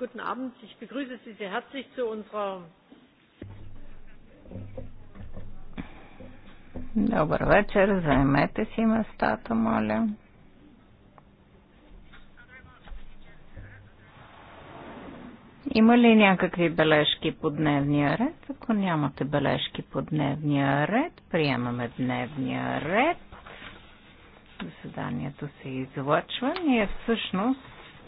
guten Abend. Ich begrüße Sie sehr herzlich zu unserer. Добър вечер, займете си местата, моля. Има ли някакви бележки по дневния ред? Ако нямате бележки по дневния ред, приемаме дневния ред. Заседанието се излъчва. Ние всъщност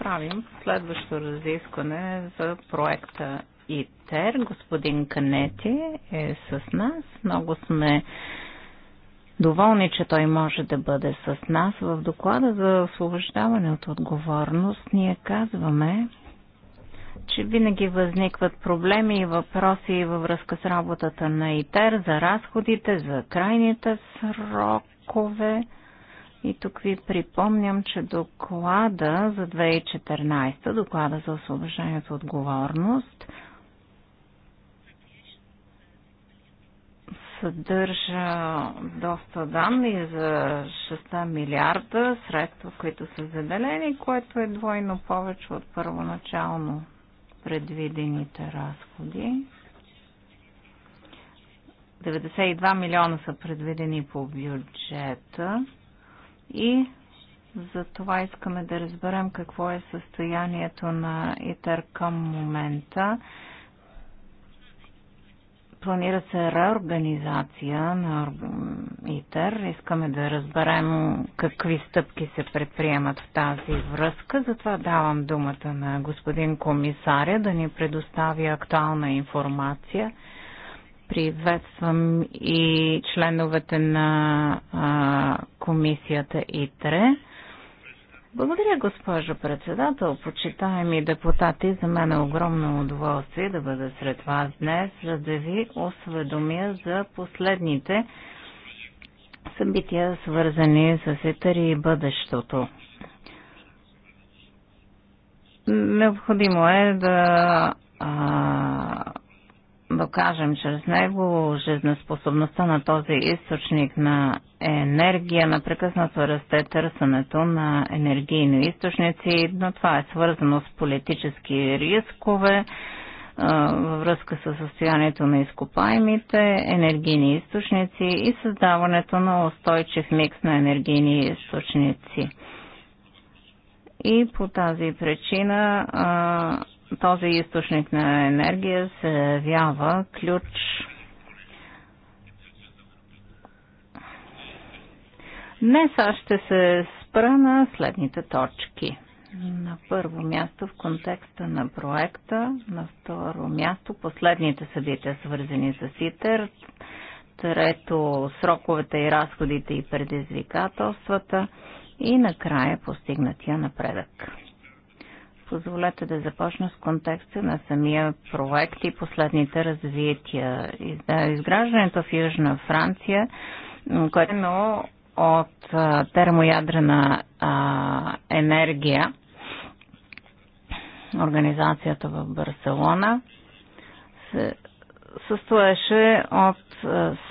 направим следващо разискване за проекта ИТЕР. Господин Канети е с нас. Много сме доволни, че той може да бъде с нас. В доклада за освобождаване от отговорност ние казваме, че винаги възникват проблеми и въпроси във връзка с работата на ИТЕР, за разходите, за крайните срокове. И тук ви припомням, че доклада за 2014, доклада за освобождението отговорност, съдържа доста данни за 6 милиарда средства, които са заделени, което е двойно повече от първоначално предвидените разходи. 92 милиона са предвидени по бюджета и за това искаме да разберем какво е състоянието на ИТЕР към момента. Планира се реорганизация на ИТЕР. Искаме да разберем какви стъпки се предприемат в тази връзка. Затова давам думата на господин комисаря да ни предостави актуална информация Приветствам и членовете на а, комисията ИТРЕ. Благодаря, госпожо председател. Почитаеми депутати, за мен е огромно удоволствие да бъда сред вас днес, за да ви осведомя за последните събития, свързани с ИТР и бъдещето. Необходимо е да а, докажем кажем, чрез него жизнеспособността на този източник на енергия напрекъснато расте търсенето на енергийни източници, но това е свързано с политически рискове във връзка с състоянието на изкопаемите енергийни източници и създаването на устойчив микс на енергийни източници. И по тази причина този източник на енергия се явява ключ Днес аз ще се спра на следните точки. На първо място в контекста на проекта, на второ място последните събития, свързани с ИТЕР, трето сроковете и разходите и предизвикателствата и накрая постигнатия напредък. Позволете да започна с контекста на самия проект и последните развития. Изграждането в Южна Франция, което е от термоядрена енергия, организацията в Барселона, състояше състоеше от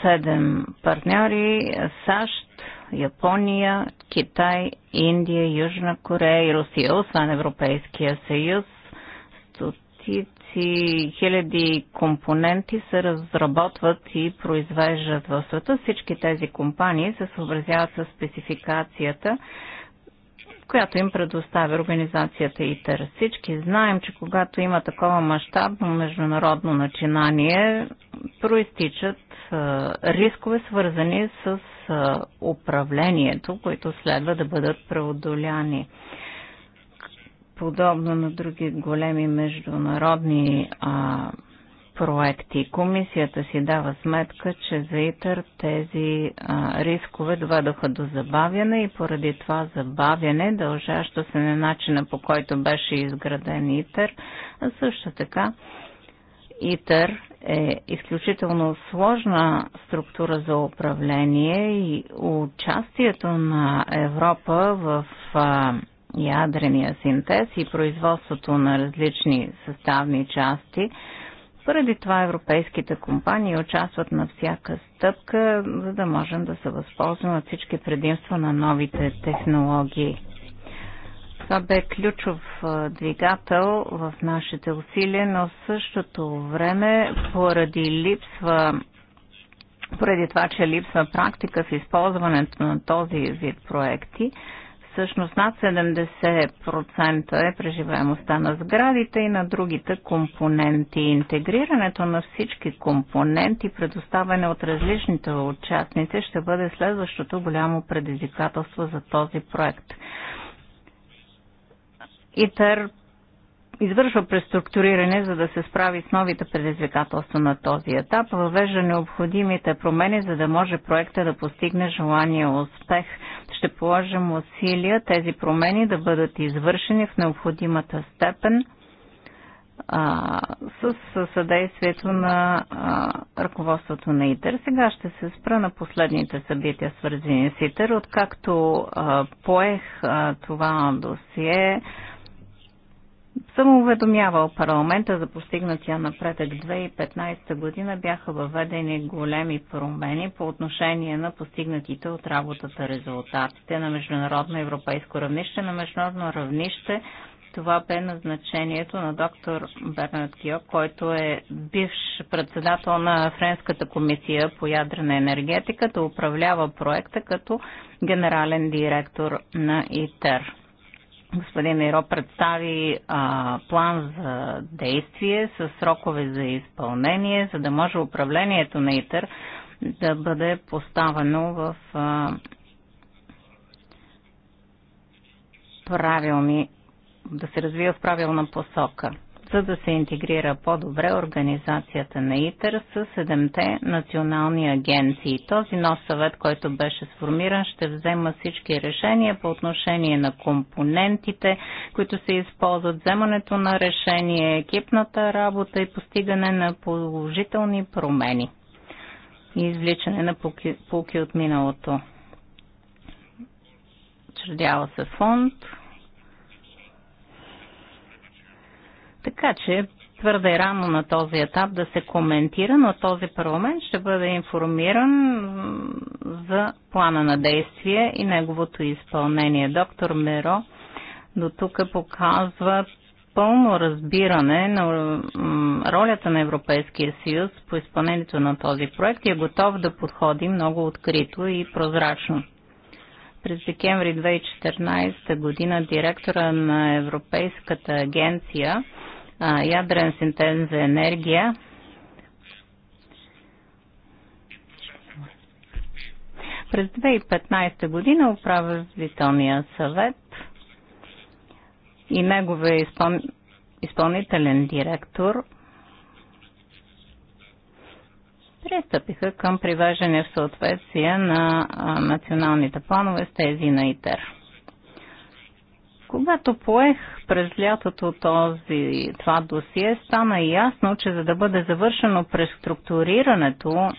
седем партньори САЩ, Япония, Китай, Индия, Южна Корея и Русия, освен Европейския съюз. Стотици хиляди компоненти се разработват и произвеждат в света. Всички тези компании се съобразяват с спецификацията която им предоставя организацията ИТЕР. Всички знаем, че когато има такова мащабно международно начинание, проистичат рискове, свързани с управлението, които следва да бъдат преодоляни. Подобно на други големи международни а, проекти. Комисията си дава сметка, че за ИТЕР тези а, рискове доведоха до забавяне и поради това забавяне, дължащо се на начина по който беше изграден ИТър, а също така ИТър е изключително сложна структура за управление и участието на Европа в ядрения синтез и производството на различни съставни части. Поради това европейските компании участват на всяка стъпка, за да можем да се възползваме от всички предимства на новите технологии. Това бе ключов двигател в нашите усилия, но в същото време поради липсва поради това, че липсва практика в използването на този вид проекти, всъщност над 70% е преживаемостта на сградите и на другите компоненти. Интегрирането на всички компоненти, предоставяне от различните участници, ще бъде следващото голямо предизвикателство за този проект. ИТЕР извършва преструктуриране, за да се справи с новите предизвикателства на този етап, въвежда необходимите промени, за да може проекта да постигне желания успех. Ще положим усилия тези промени да бъдат извършени в необходимата степен а, с съдействието на а, ръководството на ИТЕР. Сега ще се спра на последните събития, свързани с ИТЕР. Откакто а, поех а, това досие, съм уведомявал парламента за постигнатия напредък 2015 година бяха въведени големи промени по отношение на постигнатите от работата резултатите на международно европейско равнище, на международно равнище. Това бе назначението на доктор Бернард Кио, който е бивш председател на Френската комисия по ядрена енергетика, да управлява проекта като генерален директор на ИТЕР. Господин Еро представи а, план за действие с срокове за изпълнение, за да може управлението на ИТЕР да бъде поставено в а, правилни, да се развива в правилна посока за да се интегрира по-добре организацията на ИТЕР с седемте национални агенции. Този нов съвет, който беше сформиран, ще взема всички решения по отношение на компонентите, които се използват, вземането на решение, екипната работа и постигане на положителни промени и извличане на полки от миналото. Чредява се фонд, Така че твърде е рано на този етап да се коментира, но този парламент ще бъде информиран за плана на действие и неговото изпълнение. Доктор Меро до тук показва пълно разбиране на ролята на Европейския съюз по изпълнението на този проект и е готов да подходи много открито и прозрачно. През декември 2014 година директора на Европейската агенция синтез за енергия. През 2015 година управителният съвет и неговия изпъл... изпълнителен директор пристъпиха към привеждане в съответствие на националните планове с тези на ИТЕР. Когато поех през лятото този, това досие, стана ясно, че за да бъде завършено преструктурирането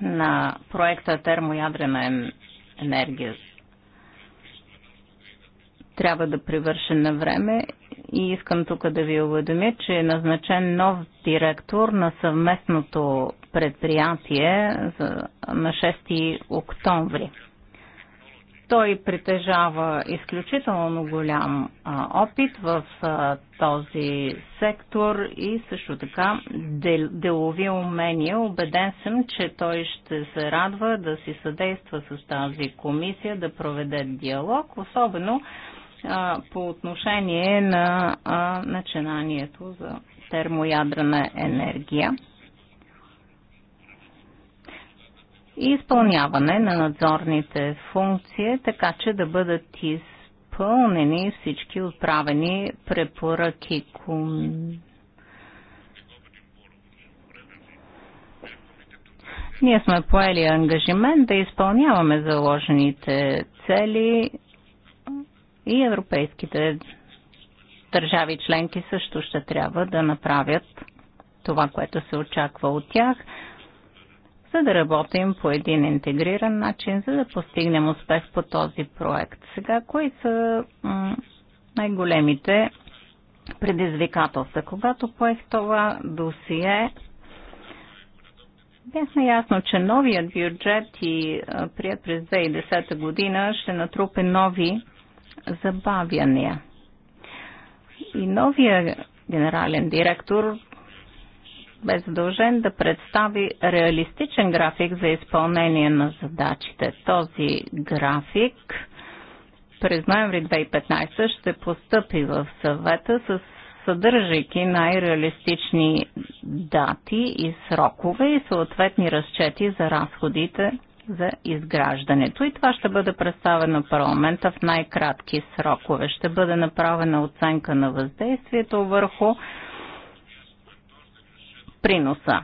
на проекта термоядрена енергия, трябва да привършен на време и искам тук да ви уведомя, че е назначен нов директор на съвместното предприятие на 6 октомври. Той притежава изключително голям а, опит в а, този сектор и също така дел, делови умения. Обеден съм, че той ще се радва да си съдейства с тази комисия, да проведе диалог, особено а, по отношение на а, начинанието за термоядрена енергия. и изпълняване на надзорните функции, така че да бъдат изпълнени всички отправени препоръки. Ние сме поели ангажимент да изпълняваме заложените цели и европейските държави членки също ще трябва да направят това, което се очаква от тях за да работим по един интегриран начин, за да постигнем успех по този проект. Сега, кои са най-големите предизвикателства? Когато поех това досие, бях наясно, че новият бюджет и прият през 2010 година ще натрупе нови забавяния. И новия генерален директор бе задължен да представи реалистичен график за изпълнение на задачите. Този график през ноември 2015 ще постъпи в съвета с съдържайки най-реалистични дати и срокове и съответни разчети за разходите за изграждането. И това ще бъде представено парламента в най-кратки срокове. Ще бъде направена оценка на въздействието върху приноса.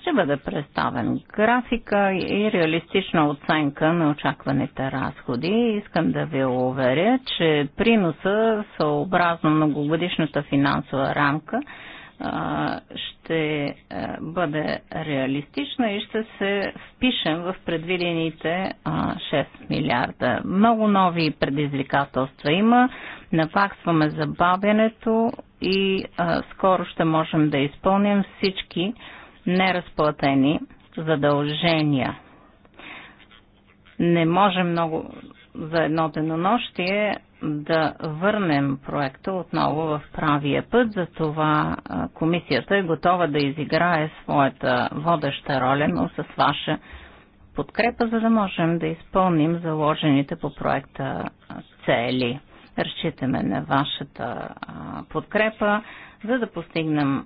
Ще бъде представен графика и реалистична оценка на очакваните разходи. Искам да ви уверя, че приноса съобразно многогодишната финансова рамка – ще бъде реалистична и ще се впишем в предвидените 6 милиарда. Много нови предизвикателства има, наваксваме забавянето и скоро ще можем да изпълним всички неразплатени задължения. Не може много за едно денонощие да върнем проекта отново в правия път. Затова комисията е готова да изиграе своята водеща роля, но с ваша подкрепа, за да можем да изпълним заложените по проекта цели. Разчитаме на вашата подкрепа, за да постигнем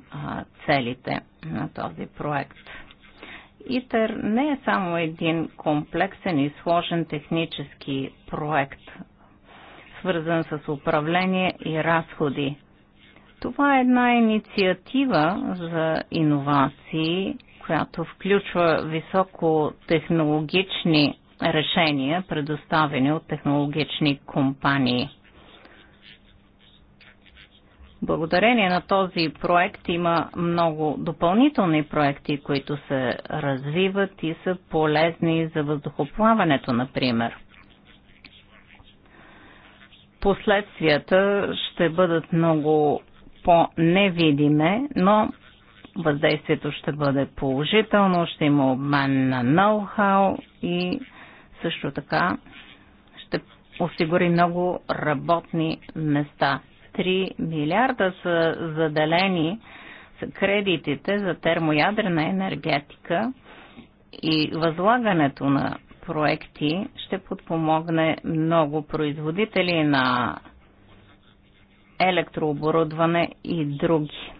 целите на този проект. ИТЕР не е само един комплексен и сложен технически проект, свързан с управление и разходи. Това е една инициатива за иновации, която включва високотехнологични решения, предоставени от технологични компании – Благодарение на този проект има много допълнителни проекти, които се развиват и са полезни за въздухоплаването, например. Последствията ще бъдат много по-невидиме, но въздействието ще бъде положително, ще има обмен на ноу-хау и също така ще осигури много работни места – 3 милиарда са заделени са кредитите за термоядрена енергетика и възлагането на проекти ще подпомогне много производители на електрооборудване и други.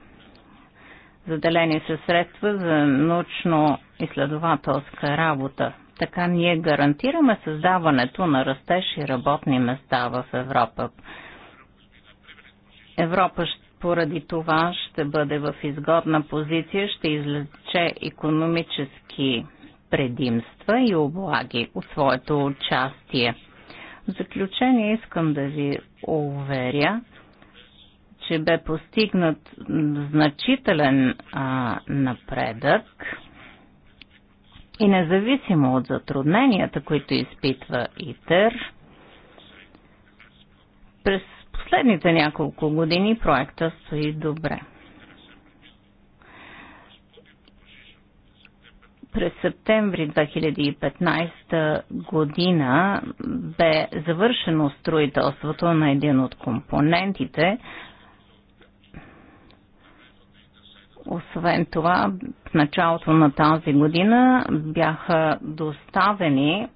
Заделени са средства за научно-изследователска работа. Така ние гарантираме създаването на растеж и работни места в Европа. Европа поради това ще бъде в изгодна позиция, ще излече економически предимства и облаги от своето участие. В заключение искам да ви уверя, че бе постигнат значителен а, напредък и независимо от затрудненията, които изпитва ИТЕР, през Последните няколко години проекта стои добре. през септември 2015 година бе завършено строителството на един от компонентите. Освен това, в началото на тази година бяха доставени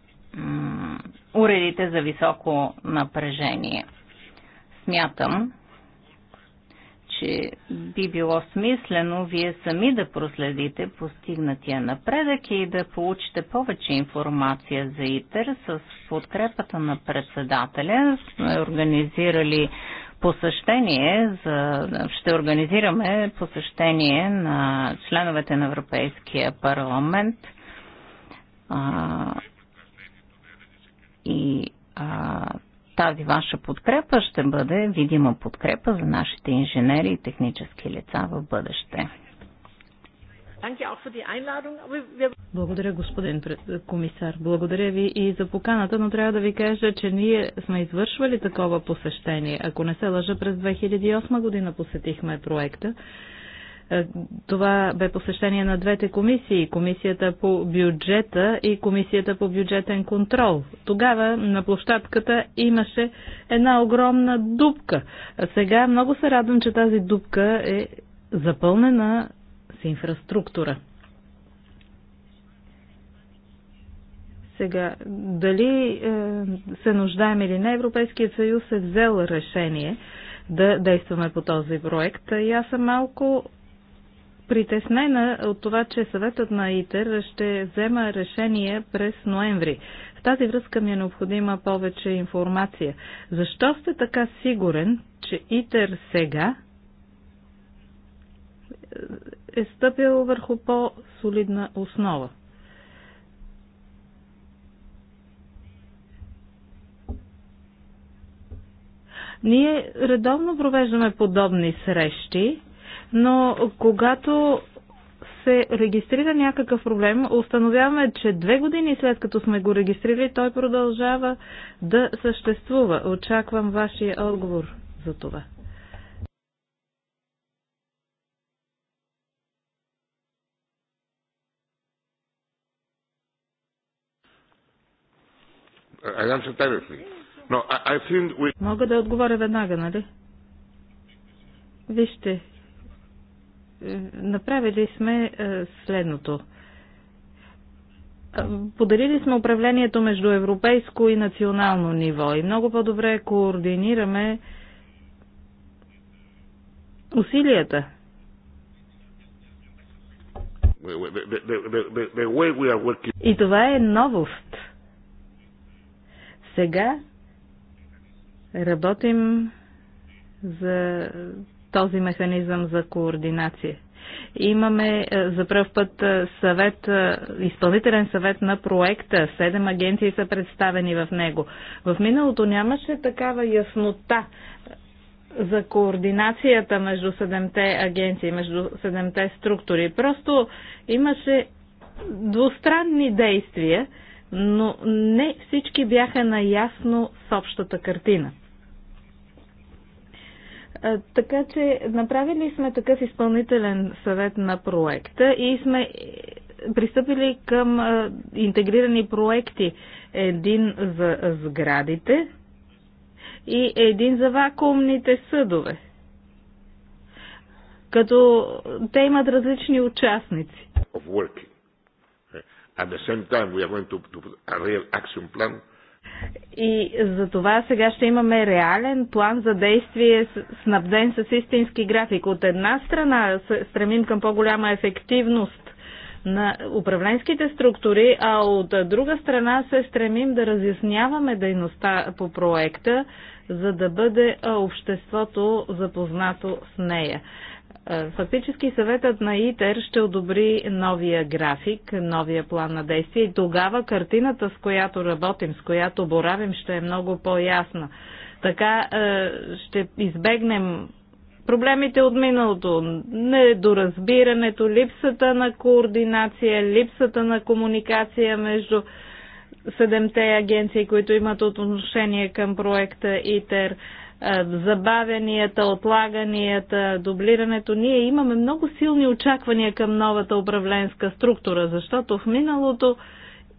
уредите за високо напрежение – смятам, че би било смислено вие сами да проследите постигнатия напредък и да получите повече информация за ИТЕР с подкрепата на председателя. Сме организирали посещение, за, ще организираме посещение на членовете на Европейския парламент а, и а, тази ваша подкрепа ще бъде видима подкрепа за нашите инженери и технически лица в бъдеще. Благодаря, господин комисар. Благодаря ви и за поканата, но трябва да ви кажа, че ние сме извършвали такова посещение. Ако не се лъжа, през 2008 година посетихме проекта е, това бе посещение на двете комисии комисията по бюджета и комисията по бюджетен контрол. Тогава на площадката имаше една огромна дупка. Сега много се радвам, че тази дупка е запълнена с инфраструктура. Сега, дали е, се нуждаем или не, Европейският съюз е взел решение да действаме по този проект. И е, аз съм малко притеснена от това, че съветът на ИТЕР ще взема решение през ноември. В тази връзка ми е необходима повече информация. Защо сте така сигурен, че ИТЕР сега е стъпил върху по-солидна основа? Ние редовно провеждаме подобни срещи но когато се регистрира някакъв проблем, установяваме, че две години след като сме го регистрирали, той продължава да съществува. Очаквам вашия отговор за това. No, we... Мога да отговоря веднага, нали? Вижте, направили сме е, следното. Е, поделили сме управлението между европейско и национално ниво и много по-добре координираме усилията. И това е новост. Сега работим за този механизъм за координация. Имаме е, за пръв път е, съвет, е, изпълнителен съвет на проекта. Седем агенции са представени в него. В миналото нямаше такава яснота за координацията между седемте агенции, между седемте структури. Просто имаше двустранни действия, но не всички бяха наясно с общата картина. Така че направили сме такъв изпълнителен съвет на проекта и сме е, пристъпили към интегрирани проекти. Един за сградите и един за вакуумните съдове. Като те имат различни участници. At the same time, we are going to, to a real action plan и за това сега ще имаме реален план за действие, снабден с истински график. От една страна стремим към по-голяма ефективност на управленските структури, а от друга страна се стремим да разясняваме дейността по проекта, за да бъде обществото запознато с нея. Е, фактически съветът на ИТЕР ще одобри новия график, новия план на действие и тогава картината, с която работим, с която боравим, ще е много по-ясна. Така е, ще избегнем проблемите от миналото, недоразбирането, липсата на координация, липсата на комуникация между седемте агенции, които имат отношение към проекта ИТЕР забавянията, отлаганията, дублирането. Ние имаме много силни очаквания към новата управленска структура, защото в миналото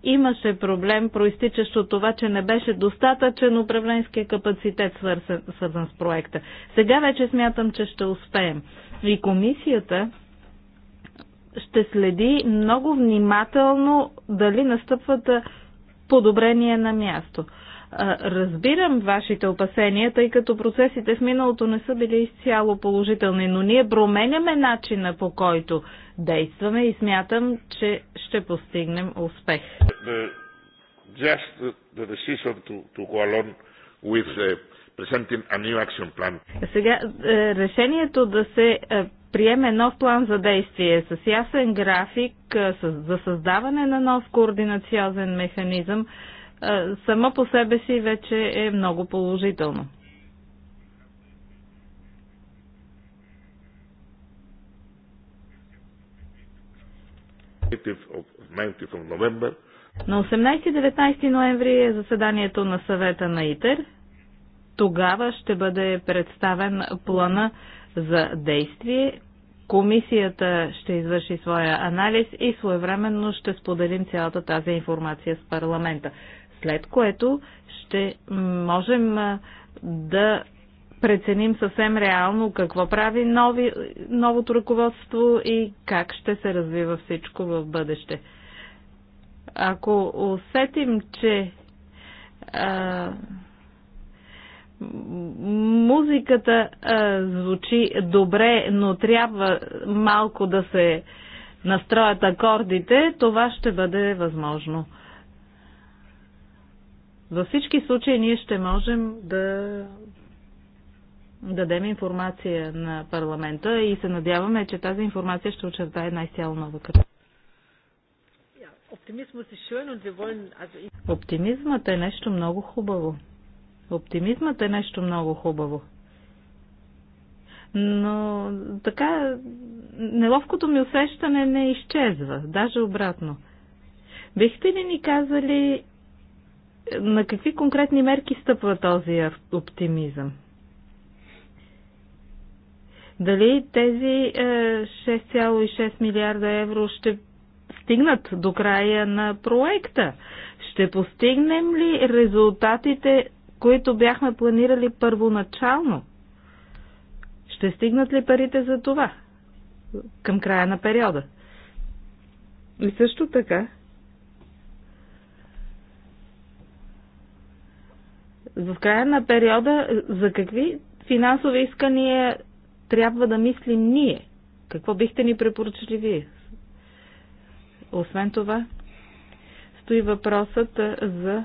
имаше проблем, проистичащ от това, че не беше достатъчен управленския капацитет, свързан, свързан с проекта. Сега вече смятам, че ще успеем. И комисията ще следи много внимателно дали настъпват подобрение на място. Разбирам вашите опасения, тъй като процесите в миналото не са били изцяло положителни, но ние променяме начина по който действаме и смятам, че ще постигнем успех. Сега е, решението да се е, приеме нов план за действие с ясен график е, за създаване на нов координационен механизъм само по себе си вече е много положително. На 18-19 ноември е заседанието на съвета на ИТЕР. Тогава ще бъде представен плана за действие. Комисията ще извърши своя анализ и своевременно ще споделим цялата тази информация с парламента след което ще можем да преценим съвсем реално какво прави нови, новото ръководство и как ще се развива всичко в бъдеще. Ако усетим, че а, музиката а, звучи добре, но трябва малко да се настроят акордите, това ще бъде възможно. Във всички случаи ние ще можем да дадем информация на парламента и се надяваме, че тази информация ще очертае най цяло нова кръв. Е оптимизмът е нещо много хубаво. Оптимизмът е нещо много хубаво. Но така, неловкото ми усещане не изчезва, даже обратно. Бихте ли ни казали на какви конкретни мерки стъпва този оптимизъм? Дали тези 6,6 е, милиарда евро ще стигнат до края на проекта? Ще постигнем ли резултатите, които бяхме планирали първоначално? Ще стигнат ли парите за това към края на периода? И също така, В края на периода за какви финансови искания трябва да мислим ние? Какво бихте ни препоръчали вие? Освен това, стои въпросът за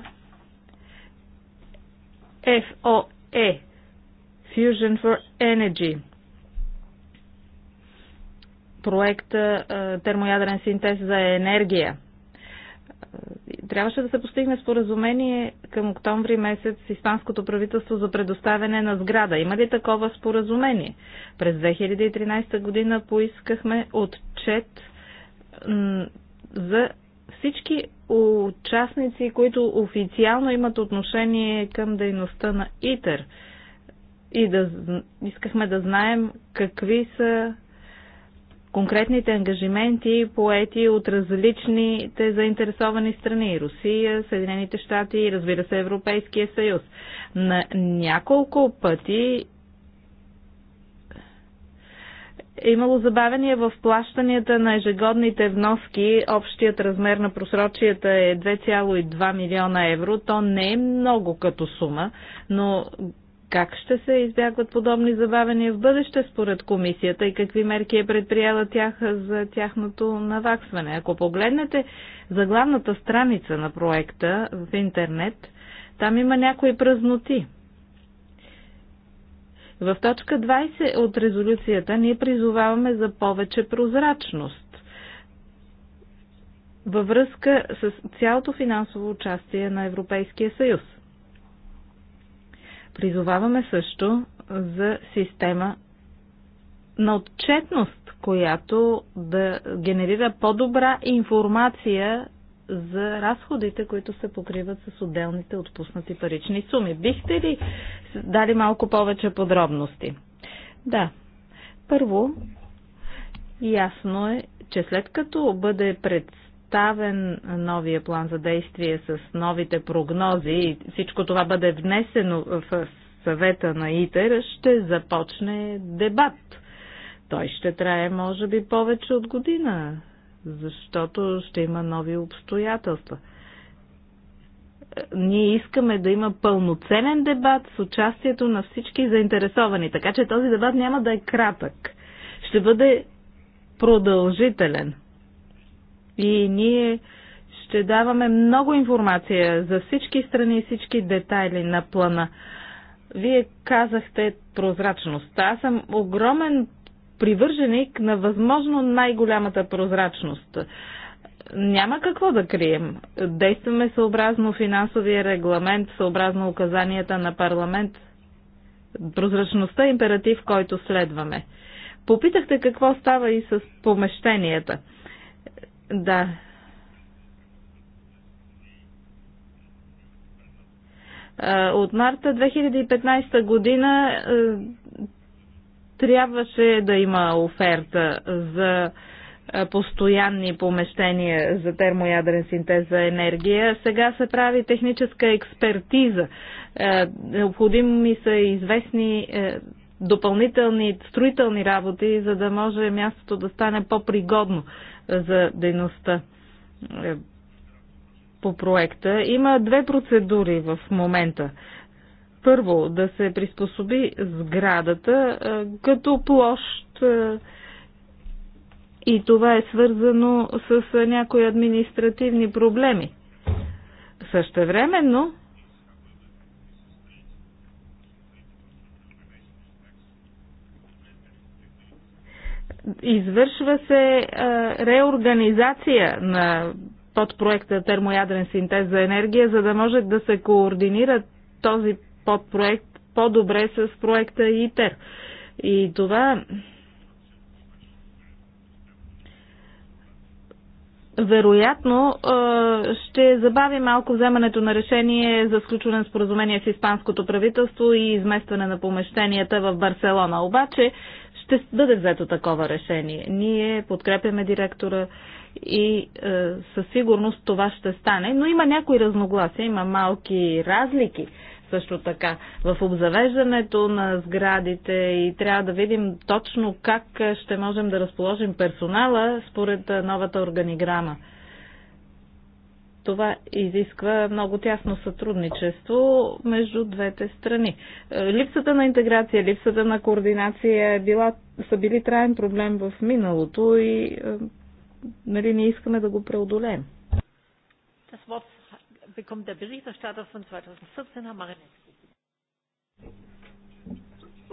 FOE Fusion for Energy проекта термоядрен синтез за енергия Трябваше да се постигне споразумение към октомври месец с Испанското правителство за предоставяне на сграда. Има ли такова споразумение? През 2013 година поискахме отчет за всички участници, които официално имат отношение към дейността на ИТЕР. И да, искахме да знаем какви са конкретните ангажименти поети от различните заинтересовани страни Русия, Съединените щати и разбира се Европейския съюз. На няколко пъти е имало забавения в плащанията на ежегодните вноски. Общият размер на просрочията е 2,2 милиона евро. То не е много като сума, но как ще се избягват подобни забавения в бъдеще според комисията и какви мерки е предприяла тях за тяхното наваксване? Ако погледнете за главната страница на проекта в интернет, там има някои празноти. В точка 20 от резолюцията ние призоваваме за повече прозрачност във връзка с цялото финансово участие на Европейския съюз. Призоваваме също за система на отчетност, която да генерира по-добра информация за разходите, които се покриват с отделните отпуснати парични суми. Бихте ли дали малко повече подробности? Да. Първо, ясно е, че след като бъде представен представен новия план за действие с новите прогнози и всичко това бъде внесено в съвета на ИТЕР, ще започне дебат. Той ще трае, може би, повече от година, защото ще има нови обстоятелства. Ние искаме да има пълноценен дебат с участието на всички заинтересовани, така че този дебат няма да е кратък. Ще бъде продължителен. И ние ще даваме много информация за всички страни и всички детайли на плана. Вие казахте прозрачност. Аз съм огромен привърженик на възможно най-голямата прозрачност. Няма какво да крием. Действаме съобразно финансовия регламент, съобразно указанията на парламент. Прозрачността е императив, който следваме. Попитахте какво става и с помещенията. Да. От марта 2015 година трябваше да има оферта за постоянни помещения за термоядрен синтез за енергия. Сега се прави техническа експертиза. Необходими са известни допълнителни строителни работи, за да може мястото да стане по-пригодно за дейността е, по проекта. Има две процедури в момента. Първо, да се приспособи сградата е, като площ е, и това е свързано с някои административни проблеми. Същевременно Извършва се реорганизация на подпроекта термоядрен синтез за енергия, за да може да се координира този подпроект по-добре с проекта ИТЕР. И това вероятно ще забави малко вземането на решение за сключване на споразумение с испанското правителство и изместване на помещенията в Барселона. Обаче ще бъде взето такова решение. Ние подкрепяме директора и е, със сигурност това ще стане, но има някои разногласия, има малки разлики също така в обзавеждането на сградите и трябва да видим точно как ще можем да разположим персонала според е, новата органиграма. Това изисква много тясно сътрудничество между двете страни. Е, липсата на интеграция, липсата на координация е била, са били траен проблем в миналото и е, нали, ние искаме да го преодолеем.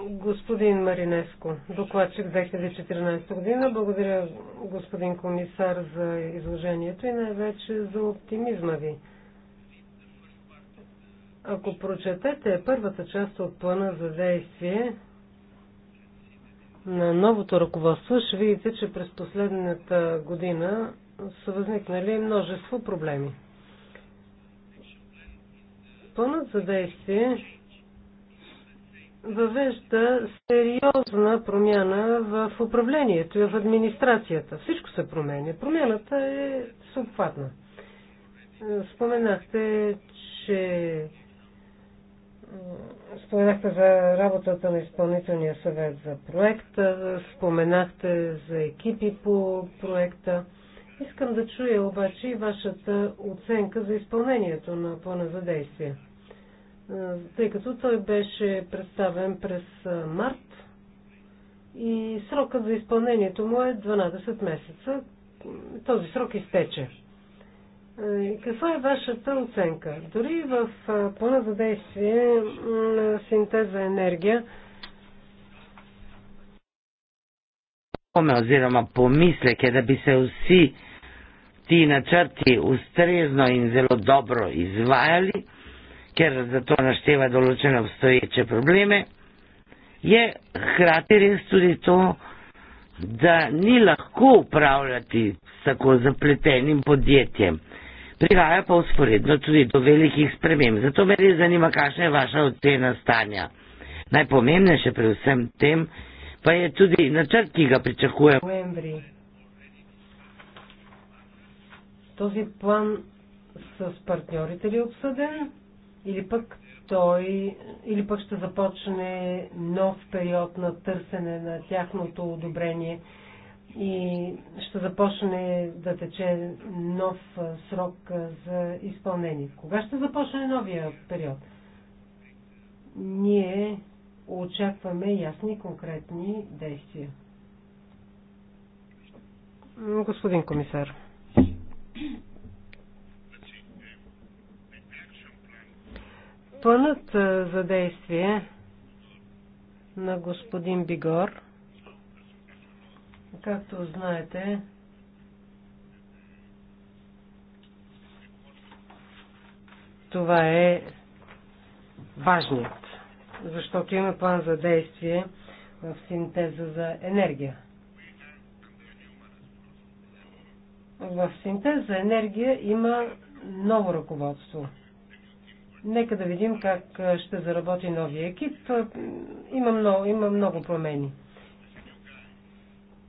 Господин Маринеско, докладчик 2014 година. Благодаря господин комисар за изложението и най-вече за оптимизма ви. Ако прочетете първата част от плана за действие на новото ръководство, ще видите, че през последната година са възникнали множество проблеми. Планът за действие въвежда сериозна промяна в управлението и в администрацията. Всичко се променя. Промяната е съобхватна. Споменахте, че споменахте за работата на изпълнителния съвет за проекта, споменахте за екипи по проекта. Искам да чуя обаче и вашата оценка за изпълнението на плана за действие тъй като той беше представен през март и срокът за изпълнението му е 12 месеца. Този срок изтече. Каква е вашата оценка? Дори в плана за действие на синтеза енергия, oziroma pomisleke, da bi se vsi ti načrti ustrezno in zelo dobro izvajali, ker za to našteva določene obstoječe probleme, je hkrati res tudi to, da ni lahko upravljati s tako zapletenim podjetjem. Prihaja pa usporedno tudi do velikih sprememb. Zato me res zanima, kakšna je vaša ocena stanja. Najpomembnejše pri vsem tem pa je tudi načrt, ki ga pričakujemo. Novembri. Този план с партньорите ли е обсъден? или пък той, или пък ще започне нов период на търсене на тяхното одобрение и ще започне да тече нов срок за изпълнение. Кога ще започне новия период? Ние очакваме ясни конкретни действия. Господин комисар. Планът за действие на господин Бигор, както знаете, това е важният, защото има план за действие в синтеза за енергия. В синтез за енергия има ново ръководство – Нека да видим как ще заработи новия екип. Има много, има много промени.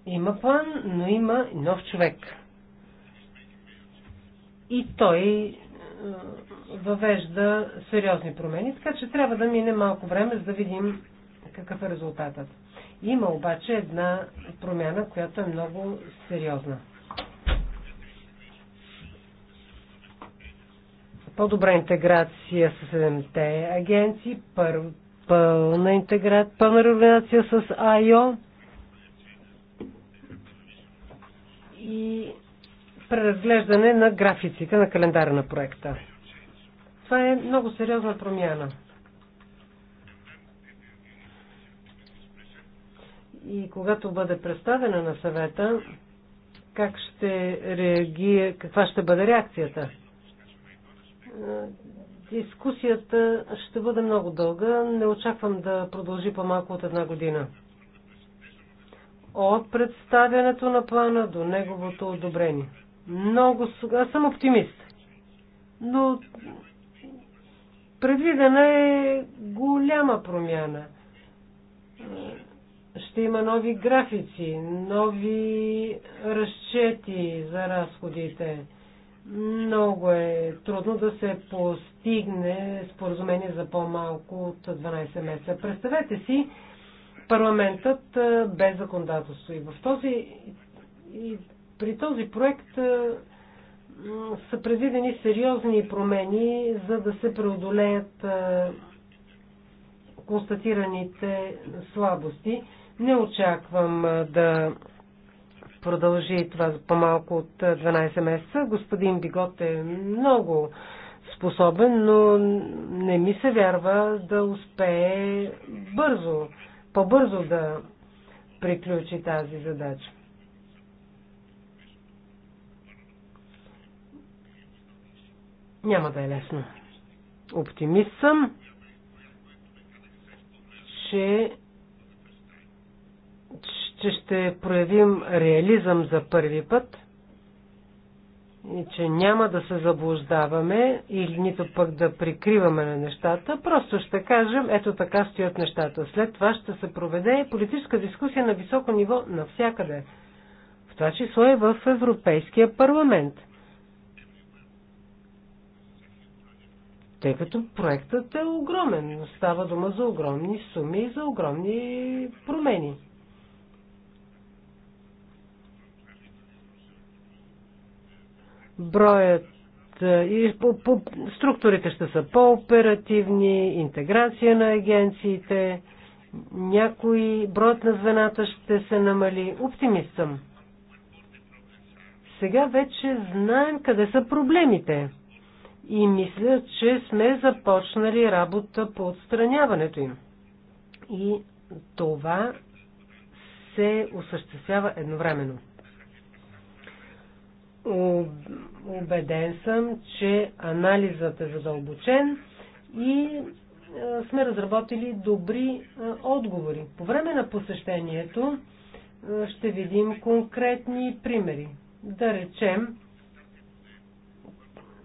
Има план, но има и нов човек. И той въвежда сериозни промени, така че трябва да мине малко време, за да видим какъв е резултатът. Има обаче една промяна, която е много сериозна. по-добра интеграция с седемте агенции, пър, пълна, интеграция, пълна реорганизация с АИО и преразглеждане на графиците на календара на проекта. Това е много сериозна промяна. И когато бъде представена на съвета, как ще реагира, каква ще бъде реакцията? Дискусията ще бъде много дълга. Не очаквам да продължи по-малко от една година. От представянето на плана до неговото одобрение. Много... Аз съм оптимист. Но предвидена е голяма промяна. Ще има нови графици, нови разчети за разходите много е трудно да се постигне споразумение за по-малко от 12 месеца. Представете си парламентът без законодателство. И в този и при този проект са предвидени сериозни промени, за да се преодолеят констатираните слабости. Не очаквам да продължи това за по-малко от 12 месеца. Господин Бигот е много способен, но не ми се вярва да успее бързо, по-бързо да приключи тази задача. Няма да е лесно. Оптимист съм, че че ще проявим реализъм за първи път и че няма да се заблуждаваме или нито пък да прикриваме на нещата, просто ще кажем, ето така стоят нещата. След това ще се проведе политическа дискусия на високо ниво навсякъде. В това число е в Европейския парламент. Тъй като проектът е огромен, става дума за огромни суми и за огромни промени. Броят е, и по, по, структурите ще са по-оперативни, интеграция на агенциите, някои броят на звената ще се намали. Оптимист съм. Сега вече знаем къде са проблемите и мисля, че сме започнали работа по отстраняването им. И това се осъществява едновременно. Убеден съм, че анализът е задълбочен и е, сме разработили добри е, отговори. По време на посещението е, ще видим конкретни примери. Да речем,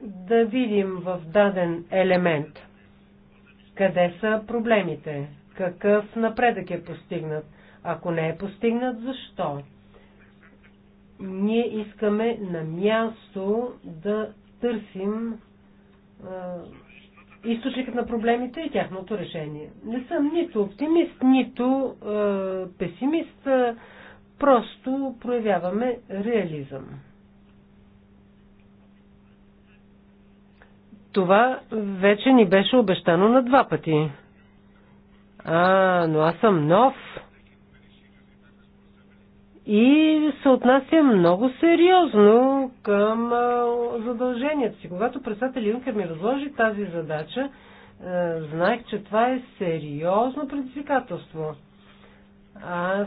да видим в даден елемент къде са проблемите, какъв напредък е постигнат, ако не е постигнат, защо ние искаме на място да търсим източникът на проблемите и тяхното решение. Не съм нито оптимист, нито е, песимист, е, просто проявяваме реализъм. Това вече ни беше обещано на два пъти. А, но аз съм нов и се отнася много сериозно към задълженията си. Когато председател Юнкер ми разложи тази задача, знаех, че това е сериозно предизвикателство. Аз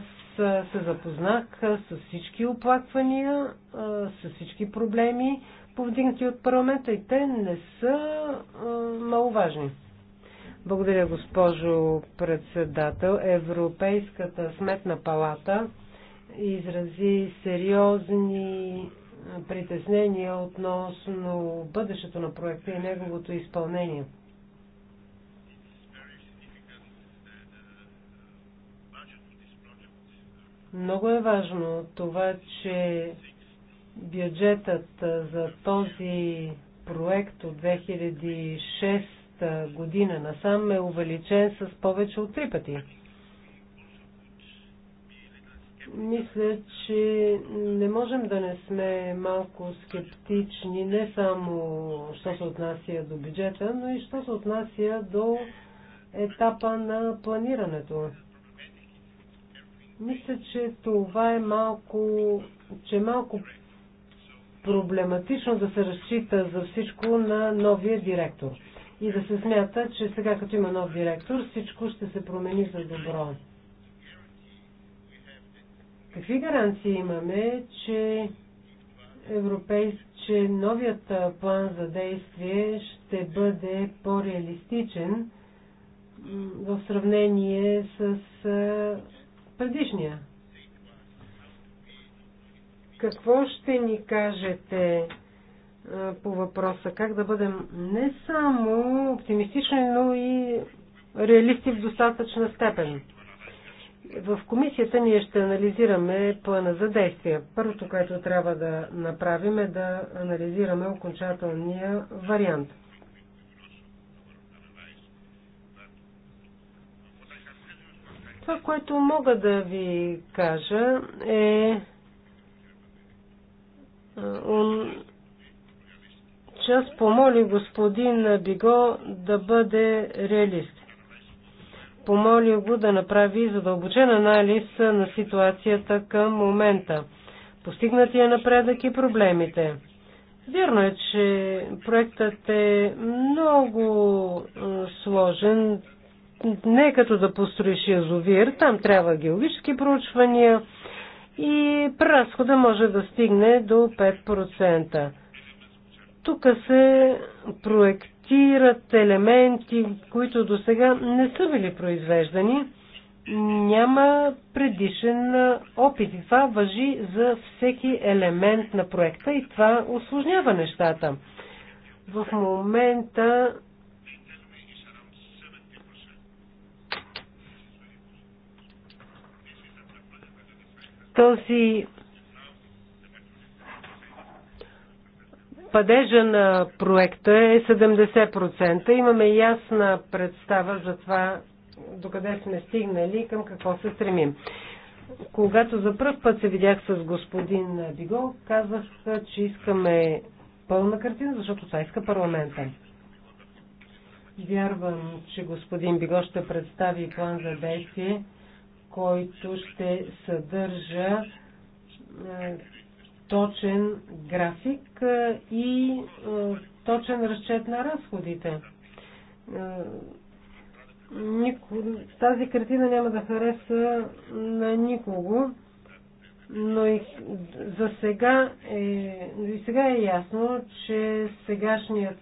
се запознах с всички оплаквания, с всички проблеми, повдигнати от парламента и те не са много важни. Благодаря, госпожо председател. Европейската сметна палата изрази сериозни притеснения относно бъдещето на проекта и неговото изпълнение. Много е важно това, че бюджетът за този проект от 2006 година насам е увеличен с повече от три пъти мисля, че не можем да не сме малко скептични, не само що се отнася до бюджета, но и що се отнася до етапа на планирането. Мисля, че това е малко, че е малко проблематично да се разчита за всичко на новия директор. И да се смята, че сега като има нов директор, всичко ще се промени за добро. Какви гаранции имаме, че, европейс... че новият план за действие ще бъде по-реалистичен в сравнение с предишния? Какво ще ни кажете по въпроса? Как да бъдем не само оптимистични, но и реалисти в достатъчна степен? В комисията ние ще анализираме плана за действие. Първото, което трябва да направим е да анализираме окончателния вариант. Това, което мога да ви кажа е че аз помоли господин Биго да бъде реалист помолил го да направи задълбочен анализ на ситуацията към момента, постигнатия напредък и проблемите. Вярно е, че проектът е много е, сложен. Не е като да построиш язовир, там трябва геологически проучвания и преразхода може да стигне до 5%. Тук се проект третират елементи, които до сега не са били произвеждани, няма предишен опит. И това въжи за всеки елемент на проекта и това осложнява нещата. В момента този падежа на проекта е 70%. Имаме ясна представа за това докъде сме стигнали и към какво се стремим. Когато за първ път се видях с господин Бигол, казах, че искаме пълна картина, защото това иска парламента. Вярвам, че господин Бигол ще представи план за действие, който ще съдържа е, точен график и точен разчет на разходите. Тази картина няма да хареса на никого, но и за сега е, и сега е ясно, че сегашният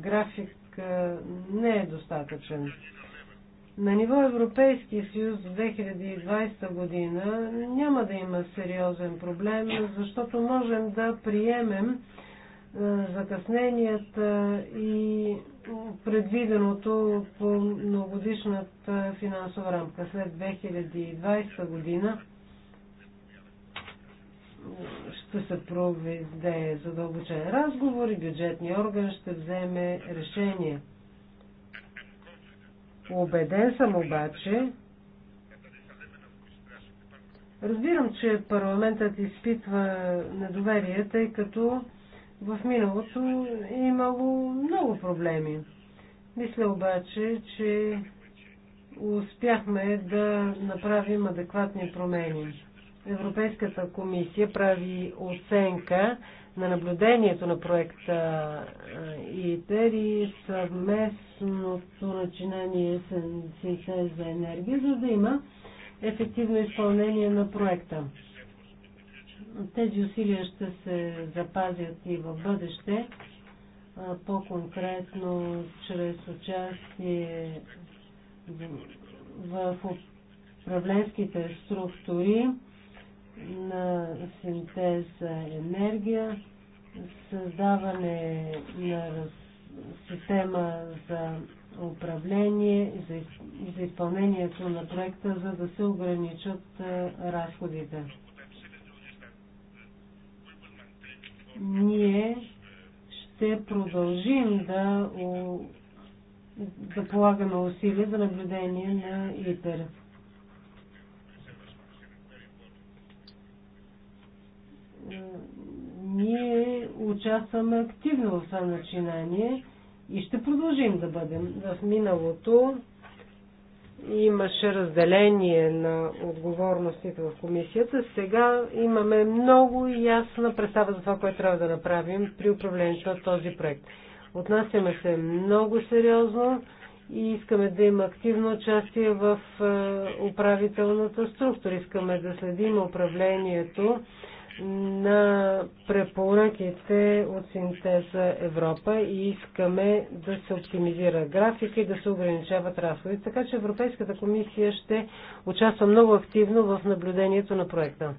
график не е достатъчен. На ниво Европейски съюз в 2020 година няма да има сериозен проблем, защото можем да приемем закъсненията и предвиденото по многодишната финансова рамка след 2020 година ще се проведе задълбочен разговор и бюджетния орган ще вземе решение – Обеден съм обаче, разбирам, че парламентът изпитва недоверие, тъй като в миналото е имало много проблеми. Мисля обаче, че успяхме да направим адекватни промени. Европейската комисия прави оценка на наблюдението на проекта ИТЕР и съвместното начинание синтез за енергия, за да има ефективно изпълнение на проекта. Тези усилия ще се запазят и в бъдеще, по-конкретно чрез участие в управленските структури на синтез енергия, създаване на система за управление и за, за изпълнението на проекта, за да се ограничат разходите. Ние ще продължим да, да полагаме усилия за наблюдение на ИТЕР. ние участваме активно в това начинание и ще продължим да бъдем. В миналото имаше разделение на отговорностите в комисията. Сега имаме много ясна представа за това, което трябва да направим при управлението на този проект. Отнасяме се много сериозно и искаме да има активно участие в е, управителната структура. Искаме да следим управлението на препоръките от синтеза Европа и искаме да се оптимизира графика и да се ограничават разходите. Така че Европейската комисия ще участва много активно в наблюдението на проекта.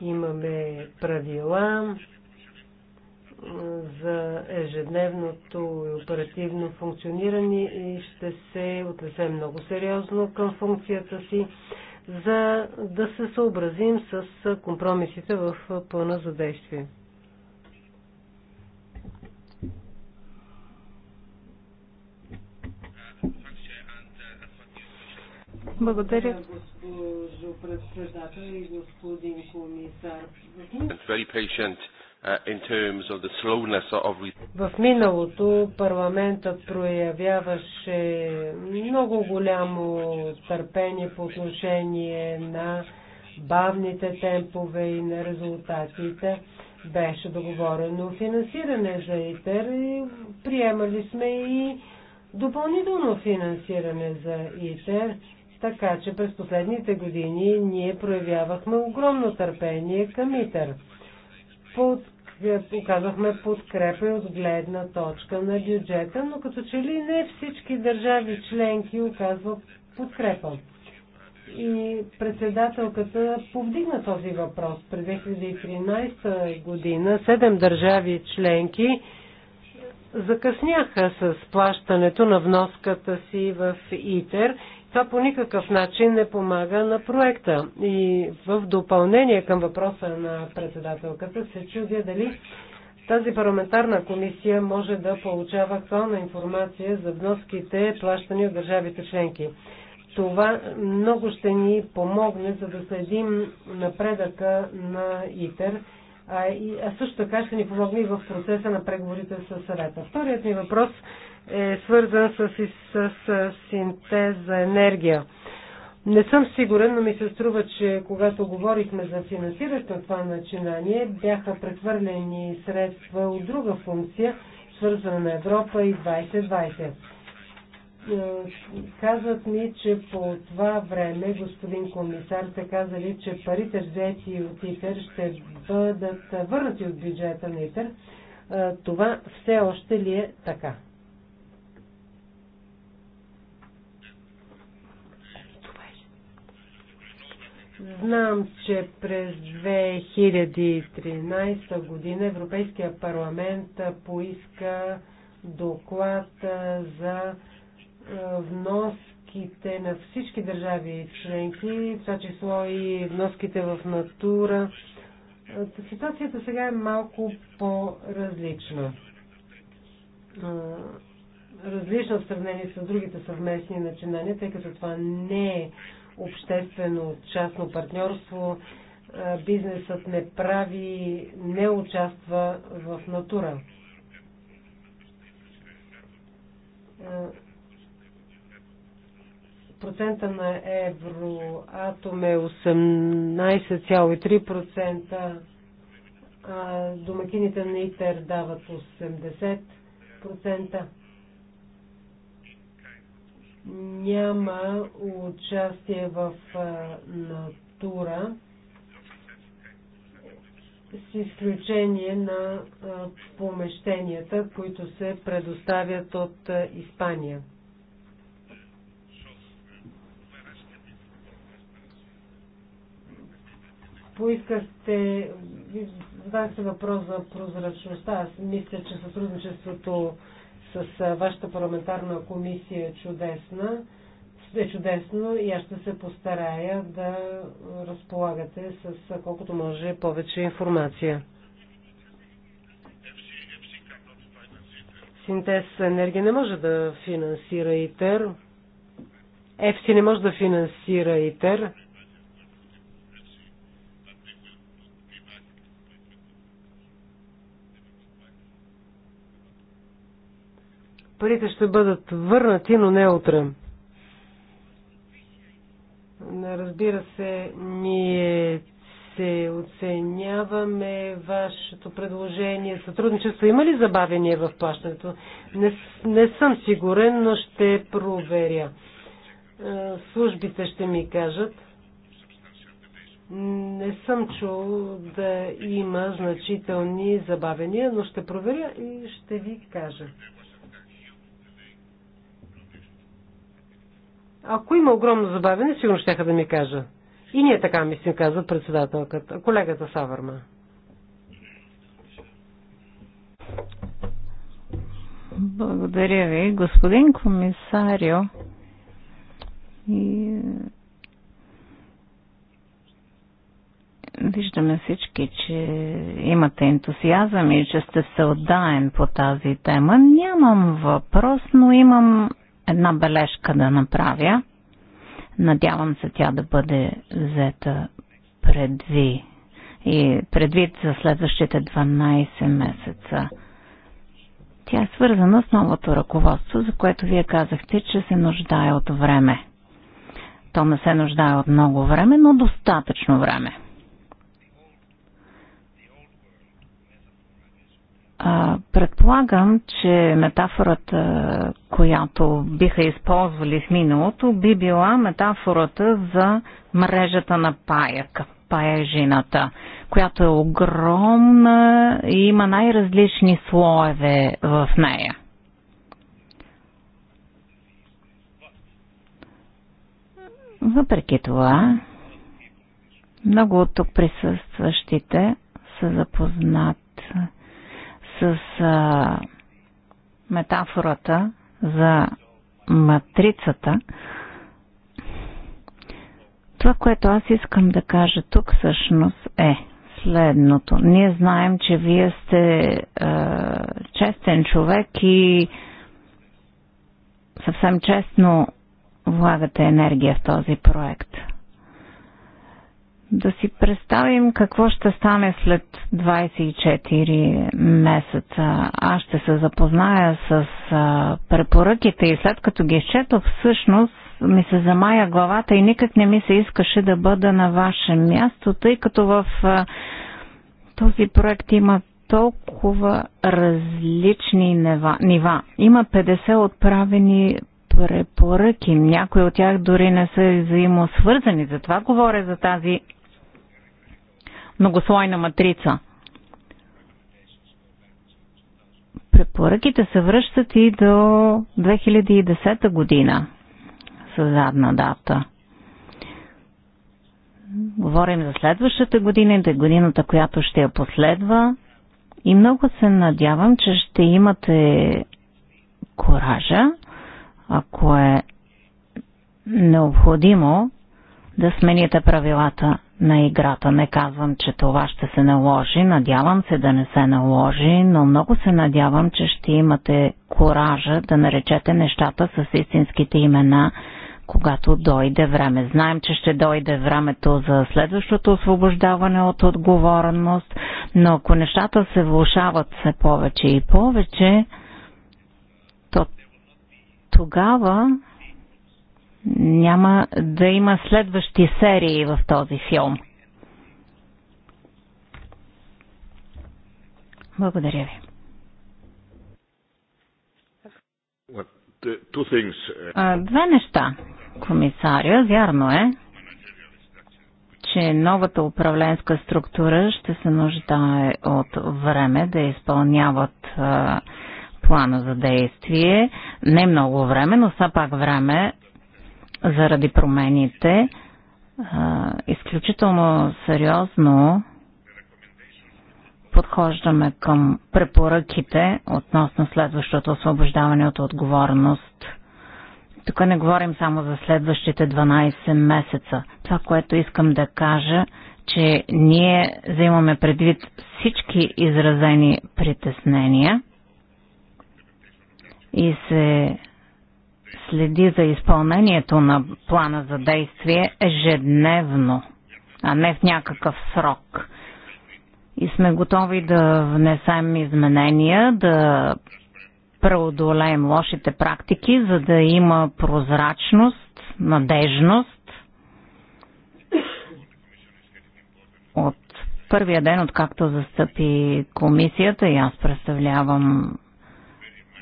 Имаме правила за ежедневното и оперативно функциониране и ще се отнесем много сериозно към функцията си за да се съобразим с компромисите в плана за действие. Благодаря. Госпожо председател и господин комисар. Uh, В миналото парламентът проявяваше много голямо търпение по отношение на бавните темпове и на резултатите. Беше договорено финансиране за ИТЕР и приемали сме и допълнително финансиране за ИТЕР. Така че през последните години ние проявявахме огромно търпение към ИТЕР под, показахме подкрепа от гледна точка на бюджета, но като че ли не всички държави членки оказват подкрепа. И председателката повдигна този въпрос. През 2013 година седем държави членки закъсняха с плащането на вноската си в ИТЕР това по никакъв начин не помага на проекта. И в допълнение към въпроса на председателката се чудя дали тази парламентарна комисия може да получава актуална информация за вноските, плащани от държавите членки. Това много ще ни помогне, за да следим напредъка на ИТЕР, а, също така ще ни помогне и в процеса на преговорите с съвета. Вторият ми въпрос е свързан с, с, с синтез за енергия. Не съм сигурен, но ми се струва, че когато говорихме за финансирането на това начинание, бяха прехвърлени средства от друга функция, свързана на Европа и 2020. Е, казват ми, че по това време, господин комисар, те казали, че парите взети от ИТЕР ще бъдат върнати от бюджета на ИТЕР. Е, това все още ли е така? Знам, че през 2013 година Европейския парламент поиска доклад за вноските на всички държави членки, в това число и вноските в натура. Ситуацията сега е малко по-различна. Различна в сравнение с другите съвместни начинания, тъй като това не е обществено-частно партньорство. Бизнесът не прави, не участва в натура. Процента на евроатом е 18,3%. Домакините на ИТЕР дават 80% няма участие в натура с изключение на помещенията, които се предоставят от Испания. Поискахте, вашия въпрос за прозрачността. Аз мисля, че сътрудничеството с вашата парламентарна комисия е чудесна. Е чудесно и аз ще се постарая да разполагате с колкото може повече информация. Синтез енергия не може да финансира ИТЕР. ЕФСИ не може да финансира ИТЕР. Парите ще бъдат върнати, но не утре. Разбира се, ние се оценяваме вашето предложение. Сътрудничество има ли забавение в плащането? Не, не съм сигурен, но ще проверя. Е, службите ще ми кажат. Не съм чул да има значителни забавения, но ще проверя и ще ви кажа. Ако има огромно забавене, сигурно ще да ми кажа. И ние така мислим, казва председателката, колегата Савърма. Благодаря ви. Господин комисарио, и... Е, виждаме всички, че имате ентусиазъм и че сте се отдаен по тази тема. Нямам въпрос, но имам една бележка да направя. Надявам се тя да бъде взета предви и предвид за следващите 12 месеца. Тя е свързана с новото ръководство, за което вие казахте, че се нуждае от време. То не се нуждае от много време, но достатъчно време. А, предполагам, че метафората, която биха използвали в миналото, би била метафората за мрежата на паяка, паяжината, която е огромна и има най-различни слоеве в нея. Въпреки това, много от тук присъстващите са запознат с а, метафората за матрицата, това, което аз искам да кажа тук всъщност е следното. Ние знаем, че вие сте а, честен човек и съвсем честно влагате енергия в този проект – да си представим какво ще стане след 24 месеца. Аз ще се запозная с препоръките и след като ги изчетох, всъщност ми се замая главата и никак не ми се искаше да бъда на ваше място, тъй като в този проект има толкова различни нива. Има 50 отправени препоръки. Някои от тях дори не са взаимосвързани. Затова говоря за тази многослойна матрица. Препоръките се връщат и до 2010 година с задна дата. Говорим за следващата година и да годината, която ще я последва. И много се надявам, че ще имате коража, ако е необходимо да смените правилата на играта. Не казвам, че това ще се наложи, надявам се да не се наложи, но много се надявам, че ще имате коража да наречете нещата с истинските имена, когато дойде време. Знаем, че ще дойде времето за следващото освобождаване от отговорност, но ако нещата се влушават все повече и повече, то тогава няма да има следващи серии в този филм. Благодаря ви. Две неща, комисаря. Вярно е, че новата управленска структура ще се нуждае от време да изпълняват плана за действие. Не много време, но все пак време заради промените. Изключително сериозно подхождаме към препоръките относно следващото освобождаване от отговорност. Тук не говорим само за следващите 12 месеца. Това, което искам да кажа, че ние взимаме предвид всички изразени притеснения и се следи за изпълнението на плана за действие ежедневно, а не в някакъв срок. И сме готови да внесем изменения, да преодолеем лошите практики, за да има прозрачност, надежност от първия ден, откакто застъпи комисията и аз представлявам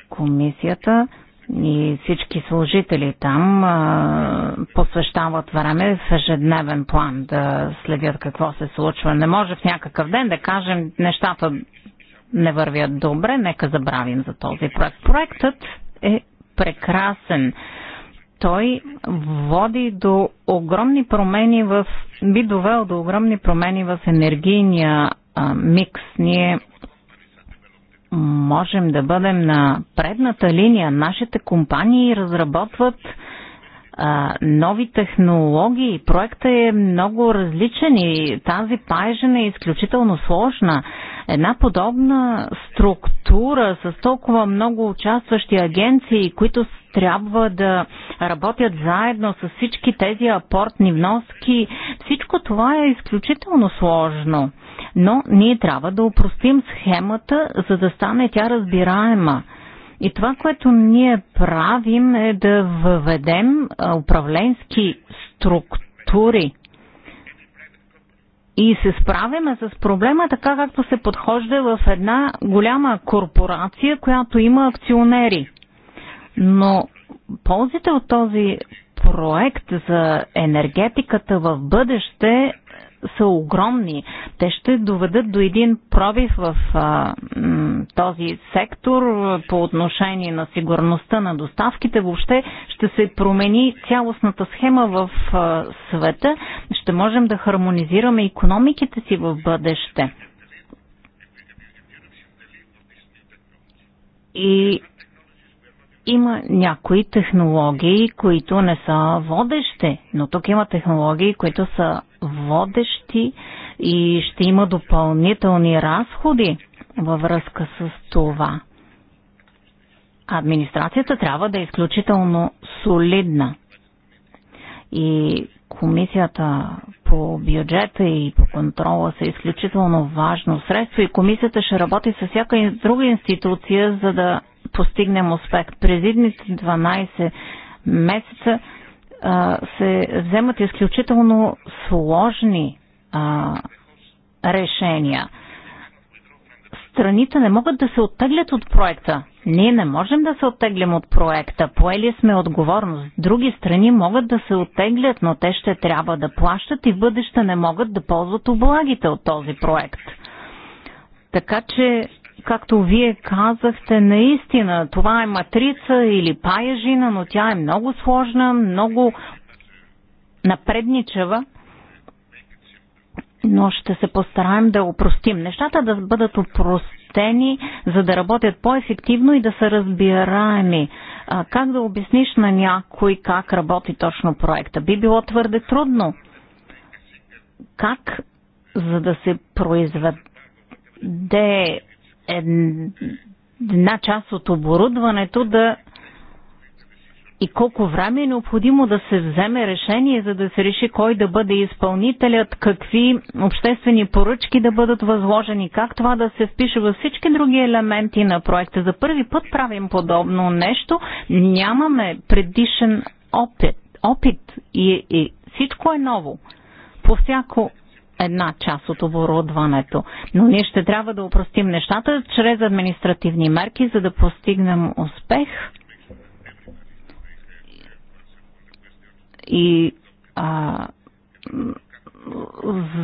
комисията, и всички служители там а, посвещават време в ежедневен план да следят какво се случва. Не може в някакъв ден да кажем нещата не вървят добре, нека забравим за този проект. Проектът е прекрасен. Той води до огромни промени в, би довел до огромни промени в енергийния а, микс. Ние можем да бъдем на предната линия. Нашите компании разработват а, нови технологии. Проектът е много различен и тази паежена е изключително сложна. Една подобна структура с толкова много участващи агенции, които трябва да работят заедно с всички тези апортни вноски. Всичко това е изключително сложно. Но ние трябва да упростим схемата, за да стане тя разбираема. И това, което ние правим е да въведем управленски структури и се справяме с проблема така, както се подхожда в една голяма корпорация, която има акционери. Но ползите от този проект за енергетиката в бъдеще са огромни. Те ще доведат до един пробив в а, този сектор по отношение на сигурността на доставките. Въобще ще се промени цялостната схема в а, света. Ще можем да хармонизираме економиките си в бъдеще. И има някои технологии, които не са водещи, но тук има технологии, които са водещи и ще има допълнителни разходи във връзка с това. Администрацията трябва да е изключително солидна. И комисията по бюджета и по контрола са изключително важно средство и комисията ще работи с всяка друга институция, за да постигнем успех. През идните 12 месеца а, се вземат изключително сложни а, решения. Страните не могат да се оттеглят от проекта. Ние не можем да се оттеглим от проекта. Поели сме отговорност. Други страни могат да се оттеглят, но те ще трябва да плащат и в бъдеще не могат да ползват облагите от този проект. Така че Както вие казахте, наистина това е матрица или паяжина, но тя е много сложна, много напредничава но ще се постараем да опростим нещата, да бъдат опростени, за да работят по-ефективно и да са разбираеми. А, как да обясниш на някой как работи точно проекта? Би било твърде трудно. Как, за да се произведе една част от оборудването да и колко време е необходимо да се вземе решение, за да се реши кой да бъде изпълнителят, какви обществени поръчки да бъдат възложени, как това да се впише във всички други елементи на проекта. За първи път правим подобно нещо. Нямаме предишен опит, опит и, и всичко е ново. По всяко една част от оборудването. Но ние ще трябва да упростим нещата чрез административни мерки, за да постигнем успех. И а,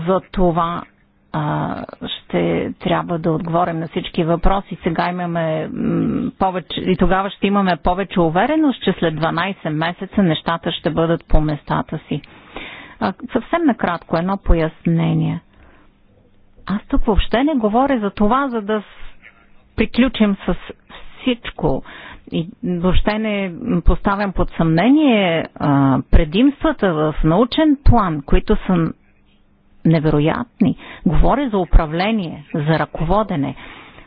за това а, ще трябва да отговорим на всички въпроси. Сега имаме повече и тогава ще имаме повече увереност, че след 12 месеца нещата ще бъдат по местата си. А, съвсем накратко едно пояснение. Аз тук въобще не говоря за това, за да приключим с всичко. И въобще не поставям под съмнение а, предимствата в научен план, които са невероятни. Говоря за управление, за ръководене.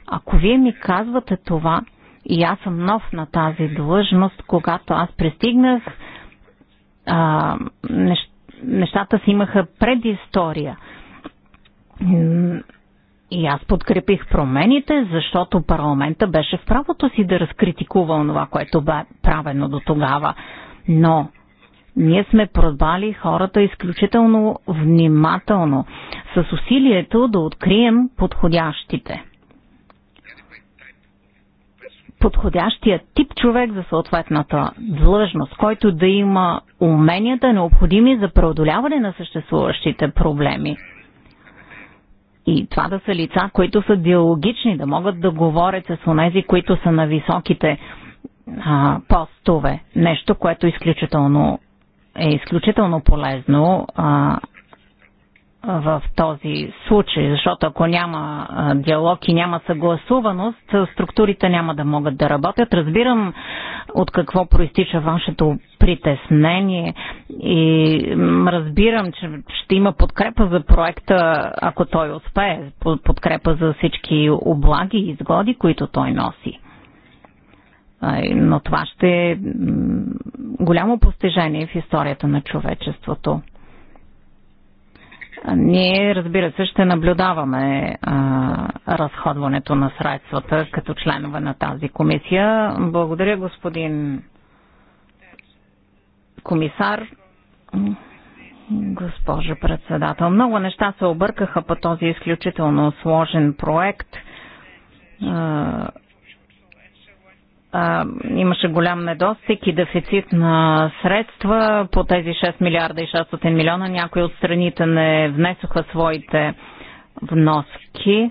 Ако вие ми казвате това, и аз съм нов на тази длъжност, когато аз пристигнах, а, нещ нещата си имаха предистория. И аз подкрепих промените, защото парламента беше в правото си да разкритикува това, което бе правено до тогава. Но ние сме продбали хората изключително внимателно, с усилието да открием подходящите подходящия тип човек за съответната длъжност, който да има уменията необходими за преодоляване на съществуващите проблеми. И това да са лица, които са диалогични, да могат да говорят с онези, които са на високите а, постове. Нещо, което изключително, е изключително полезно а, в този случай, защото ако няма диалог и няма съгласуваност, структурите няма да могат да работят. Разбирам от какво проистича вашето притеснение и разбирам, че ще има подкрепа за проекта, ако той успее, подкрепа за всички облаги и изгоди, които той носи. Но това ще е голямо постижение в историята на човечеството. Ние, разбира се, ще наблюдаваме а, разходването на средствата като членове на тази комисия. Благодаря, господин комисар. Госпожо председател, много неща се объркаха по този изключително сложен проект. А, а, имаше голям недостиг и дефицит на средства. По тези 6 милиарда и 600 милиона някои от страните не внесоха своите вноски.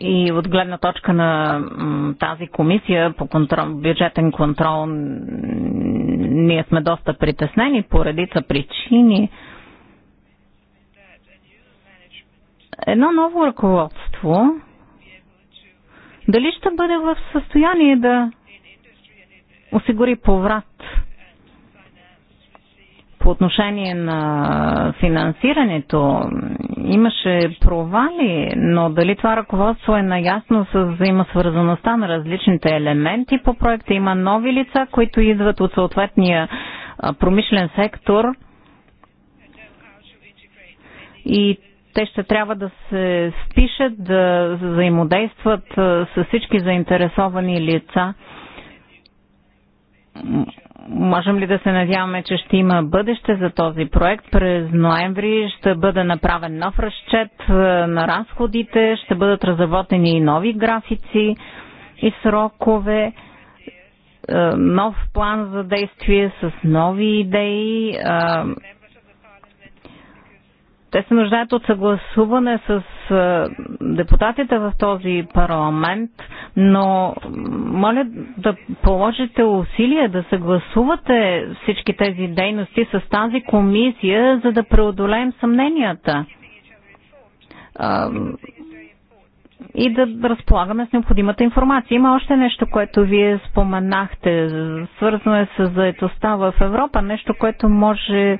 И от гледна точка на тази комисия по контрол, бюджетен контрол ние сме доста притеснени по редица причини. Едно ново ръководство дали ще бъде в състояние да осигури поврат по отношение на финансирането имаше провали, но дали това ръководство е наясно с взаимосвързаността на различните елементи по проекта? Има нови лица, които идват от съответния промишлен сектор и те ще трябва да се впишат, да взаимодействат с всички заинтересовани лица. Можем ли да се надяваме, че ще има бъдеще за този проект? През ноември ще бъде направен нов разчет на разходите, ще бъдат разработени и нови графици и срокове, нов план за действие с нови идеи те се нуждаят от съгласуване с депутатите в този парламент, но моля да положите усилия да съгласувате всички тези дейности с тази комисия, за да преодолеем съмненията и да разполагаме с необходимата информация. Има още нещо, което вие споменахте, свързано е с заедостта в Европа, нещо, което може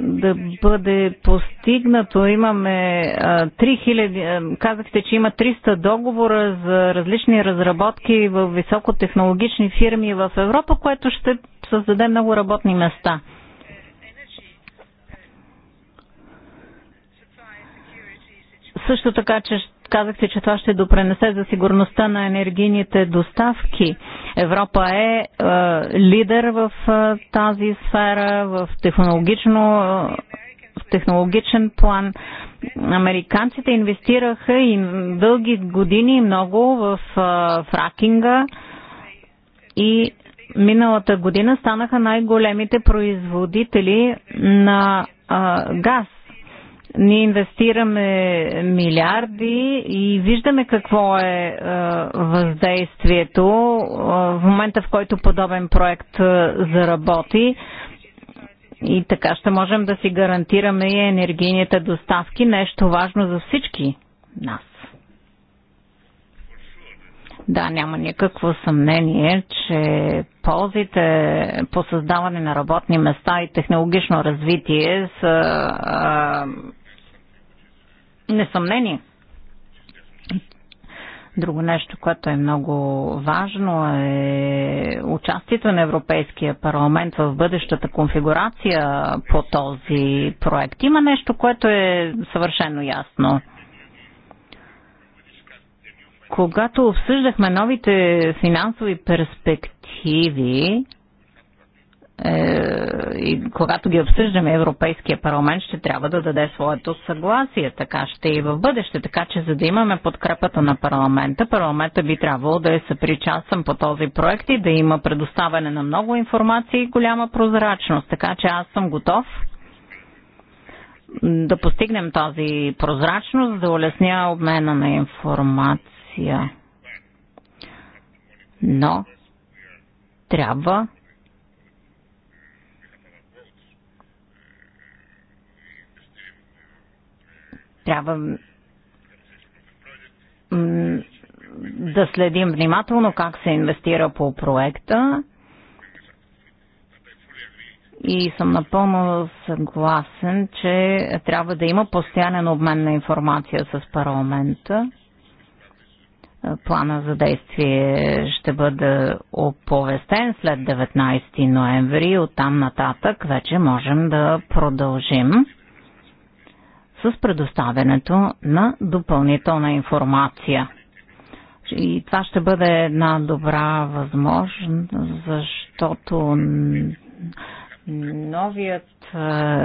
да бъде постигнато. Имаме 3000, казахте, че има 300 договора за различни разработки в високотехнологични фирми в Европа, което ще създаде много работни места. Също така, че ще. Казахте, че това ще допренесе за сигурността на енергийните доставки. Европа е, е лидер в е, тази сфера, в технологично е, в технологичен план. Американците инвестираха и дълги години много в е, фракинга и миналата година станаха най-големите производители на е, газ. Ние инвестираме милиарди и виждаме какво е, е въздействието е, в момента, в който подобен проект е, заработи. И така ще можем да си гарантираме и енергийните доставки, нещо важно за всички нас. Да, няма никакво съмнение, че ползите по създаване на работни места и технологично развитие са а, несъмнение. Друго нещо, което е много важно е участието на Европейския парламент в бъдещата конфигурация по този проект. Има нещо, което е съвършено ясно. Когато обсъждахме новите финансови перспективи, е, и когато ги обсъждаме, Европейския парламент ще трябва да даде своето съгласие. Така ще и в бъдеще. Така че, за да имаме подкрепата на парламента, парламента би трябвало да е съпричастен по този проект и да има предоставяне на много информация и голяма прозрачност. Така че аз съм готов да постигнем тази прозрачност, да улесня обмена на информация. Но трябва Трябва да следим внимателно как се инвестира по проекта и съм напълно съгласен, че трябва да има постоянен обмен на информация с парламента. Плана за действие ще бъде оповестен след 19 ноември. Оттам нататък вече можем да продължим с предоставянето на допълнителна информация. И това ще бъде една добра възможност, защото новият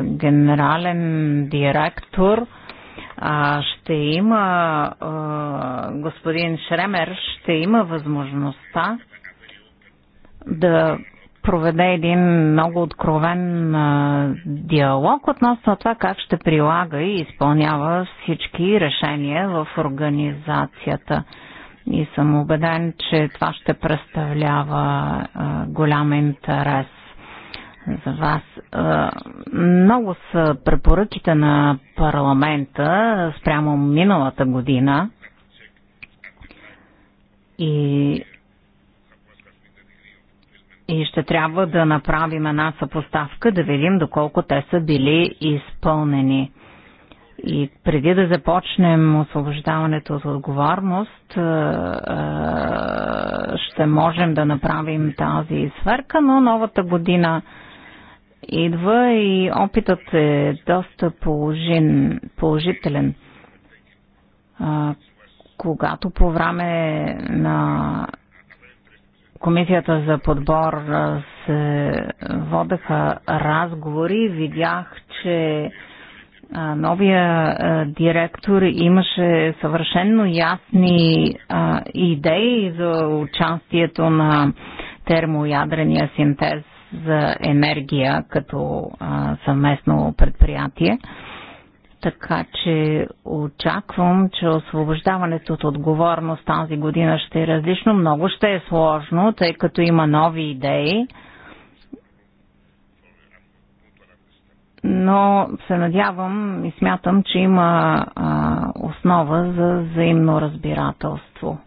генерален директор ще има господин Шремер ще има възможността да проведе един много откровен диалог относно това как ще прилага и изпълнява всички решения в организацията. И съм убеден, че това ще представлява голям интерес за вас. Много са препоръките на парламента спрямо миналата година и и ще трябва да направим една съпоставка, да видим доколко те са били изпълнени. И преди да започнем освобождаването от отговорност, е, е, ще можем да направим тази сверка, но новата година идва и опитът е доста положен, положителен. Е, когато по време на комисията за подбор се водеха разговори. Видях, че новия директор имаше съвършенно ясни идеи за участието на термоядрения синтез за енергия като съвместно предприятие така че очаквам, че освобождаването от отговорност тази година ще е различно. Много ще е сложно, тъй като има нови идеи. Но се надявам и смятам, че има а, основа за взаимно разбирателство.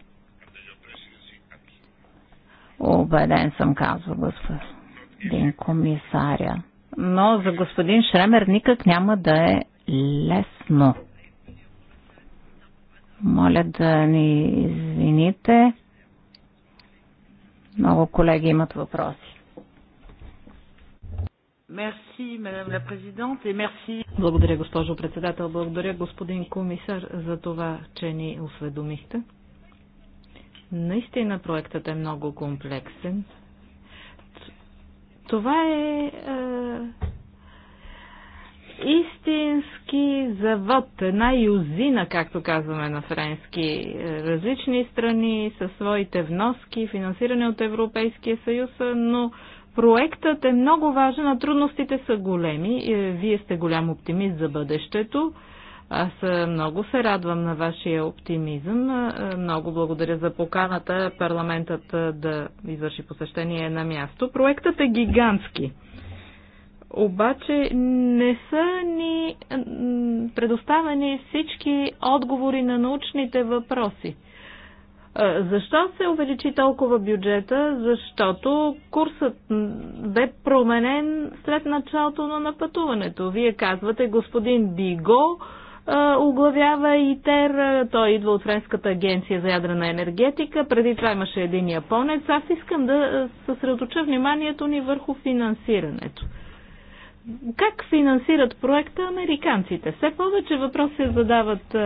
Обеден съм, казва господин комисаря но за господин Шремер никак няма да е лесно. Моля да ни извините. Много колеги имат въпроси. Мерси, мадам ла президент, и мерси. Благодаря, госпожо председател. Благодаря, господин комисар, за това, че ни осведомихте. Наистина проектът е много комплексен. Това е, е истински завод, една юзина, както казваме на френски. Е, различни страни със своите вноски, финансиране от Европейския съюз, но проектът е много важен, а трудностите са големи. Е, вие сте голям оптимист за бъдещето. Аз е, много се радвам на вашия оптимизъм. Много благодаря за поканата парламентът да извърши посещение на място. Проектът е гигантски обаче не са ни предоставени всички отговори на научните въпроси. Е, защо се увеличи толкова бюджета? Защото курсът бе променен след началото на напътуването. Вие казвате, господин Биго е, оглавява ИТЕР, е, той идва от Френската агенция за ядрена енергетика, преди това имаше един японец. Аз искам да съсредоточа вниманието ни върху финансирането. Как финансират проекта американците? Все повече въпроси се задават а,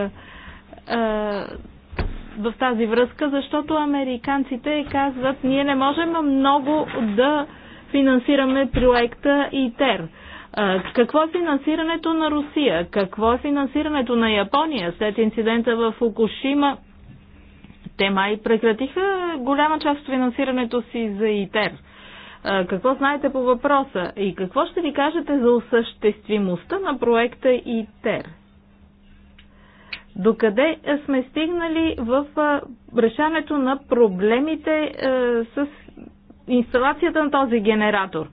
в тази връзка, защото американците казват, ние не можем много да финансираме проекта ИТЕР. Какво е финансирането на Русия? Какво е финансирането на Япония след инцидента в Фукушима? Те май прекратиха голяма част от финансирането си за ИТЕР. Какво знаете по въпроса и какво ще ви кажете за осъществимостта на проекта ИТЕР? Докъде сме стигнали в решането на проблемите с инсталацията на този генератор?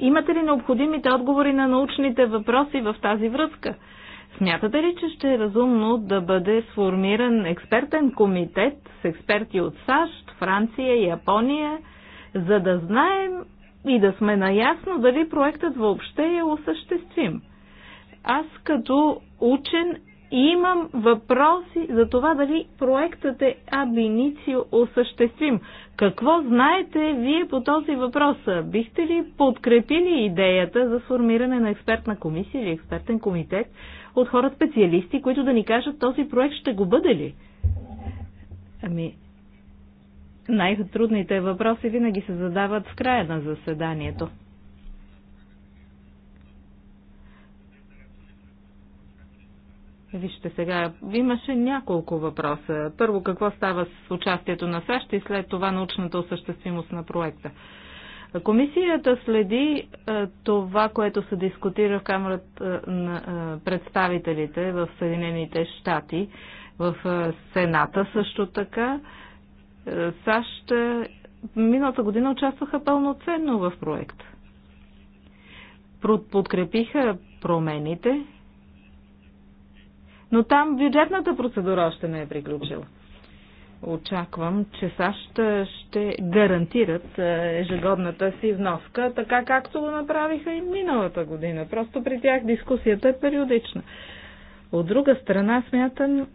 Имате ли необходимите отговори на научните въпроси в тази връзка? Смятате ли, че ще е разумно да бъде сформиран експертен комитет с експерти от САЩ, Франция, Япония, за да знаем и да сме наясно дали проектът въобще е осъществим. Аз като учен имам въпроси за това дали проектът е абиницио осъществим. Какво знаете вие по този въпрос? Бихте ли подкрепили идеята за сформиране на експертна комисия или експертен комитет от хора специалисти, които да ни кажат този проект ще го бъде ли? Ами, най-трудните въпроси винаги се задават в края на заседанието. Вижте сега, имаше няколко въпроса. Първо, какво става с участието на САЩ и след това научната осъществимост на проекта. Комисията следи това, което се дискутира в Камерата на представителите в Съединените щати, в Сената също така. САЩ миналата година участваха пълноценно в проект. Подкрепиха промените, но там бюджетната процедура още не е приключила. Очаквам, че САЩ ще гарантират е, ежегодната си вноска, така както го направиха и миналата година. Просто при тях дискусията е периодична. От друга страна смятам,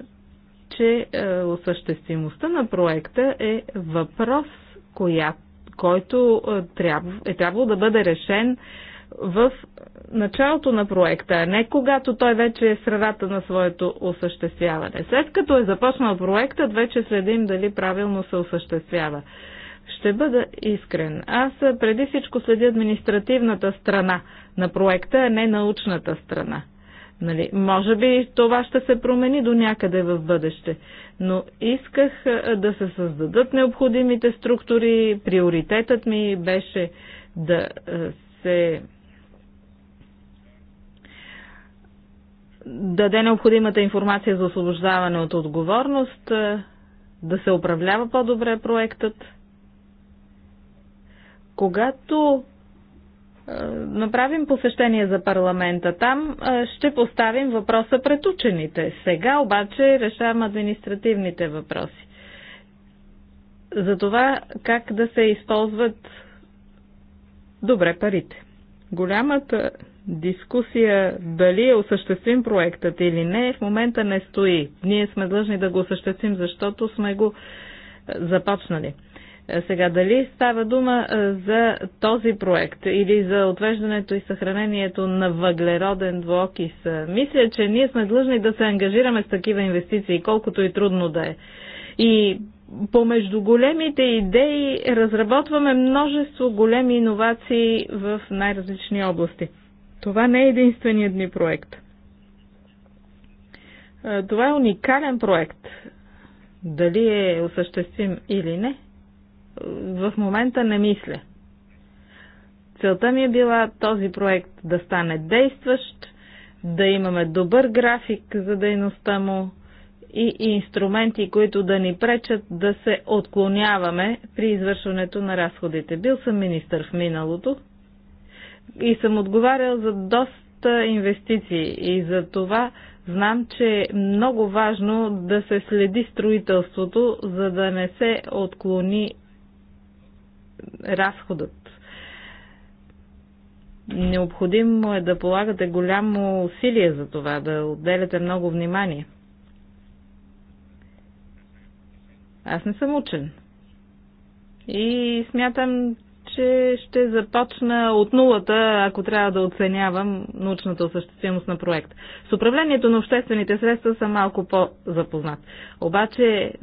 че е, осъществимостта на проекта е въпрос, коя, който е, трябва, е трябвало да бъде решен в началото на проекта, а не когато той вече е средата на своето осъществяване. След като е започнал проектът, вече следим дали правилно се осъществява. Ще бъда искрен. Аз е, преди всичко следя административната страна на проекта, а не научната страна. Нали? Може би това ще се промени до някъде в бъдеще, но исках да се създадат необходимите структури. Приоритетът ми беше да се даде необходимата информация за освобождаване от отговорност, да се управлява по-добре проектът. Когато е, направим посещение за парламента. Там е, ще поставим въпроса пред учените. Сега обаче решавам административните въпроси. За това как да се използват добре парите. Голямата дискусия дали е осъществим проектът или не в момента не стои. Ние сме длъжни да го осъществим, защото сме го е, започнали. Е, сега, дали става дума е, за този проект или за отвеждането и съхранението на въглероден двуокис? Е, мисля, че ние сме длъжни да се ангажираме с такива инвестиции, колкото и трудно да е. И помежду големите идеи разработваме множество големи иновации в най-различни области. Това не е единственият ни проект. Това е уникален проект. Дали е осъществим или не – в момента не мисля. Целта ми е била този проект да стане действащ, да имаме добър график за дейността му и инструменти, които да ни пречат да се отклоняваме при извършването на разходите. Бил съм министър в миналото и съм отговарял за доста инвестиции и за това знам, че е много важно да се следи строителството, за да не се отклони разходът. Необходимо е да полагате голямо усилие за това, да отделяте много внимание. Аз не съм учен. И смятам, че ще започна от нулата, ако трябва да оценявам научната осъществимост на проект. С управлението на обществените средства съм малко по-запознат. Обаче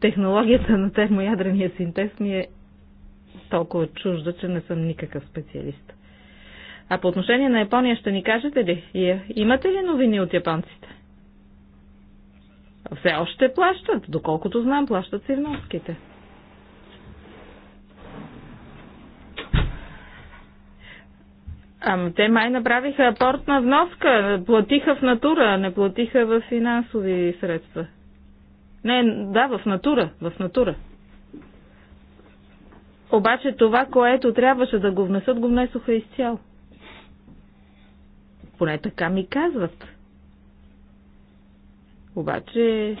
технологията на термоядрения синтез ми е толкова чужда, че не съм никакъв специалист. А по отношение на Япония ще ни кажете ли? Имате ли новини от японците? Все още плащат. Доколкото знам, плащат си вноските. Ама те май направиха на вноска, платиха в натура, не платиха в финансови средства. Не, да, в натура, в натура. Обаче това, което трябваше да го внесат, го внесоха изцяло. Поне така ми казват. Обаче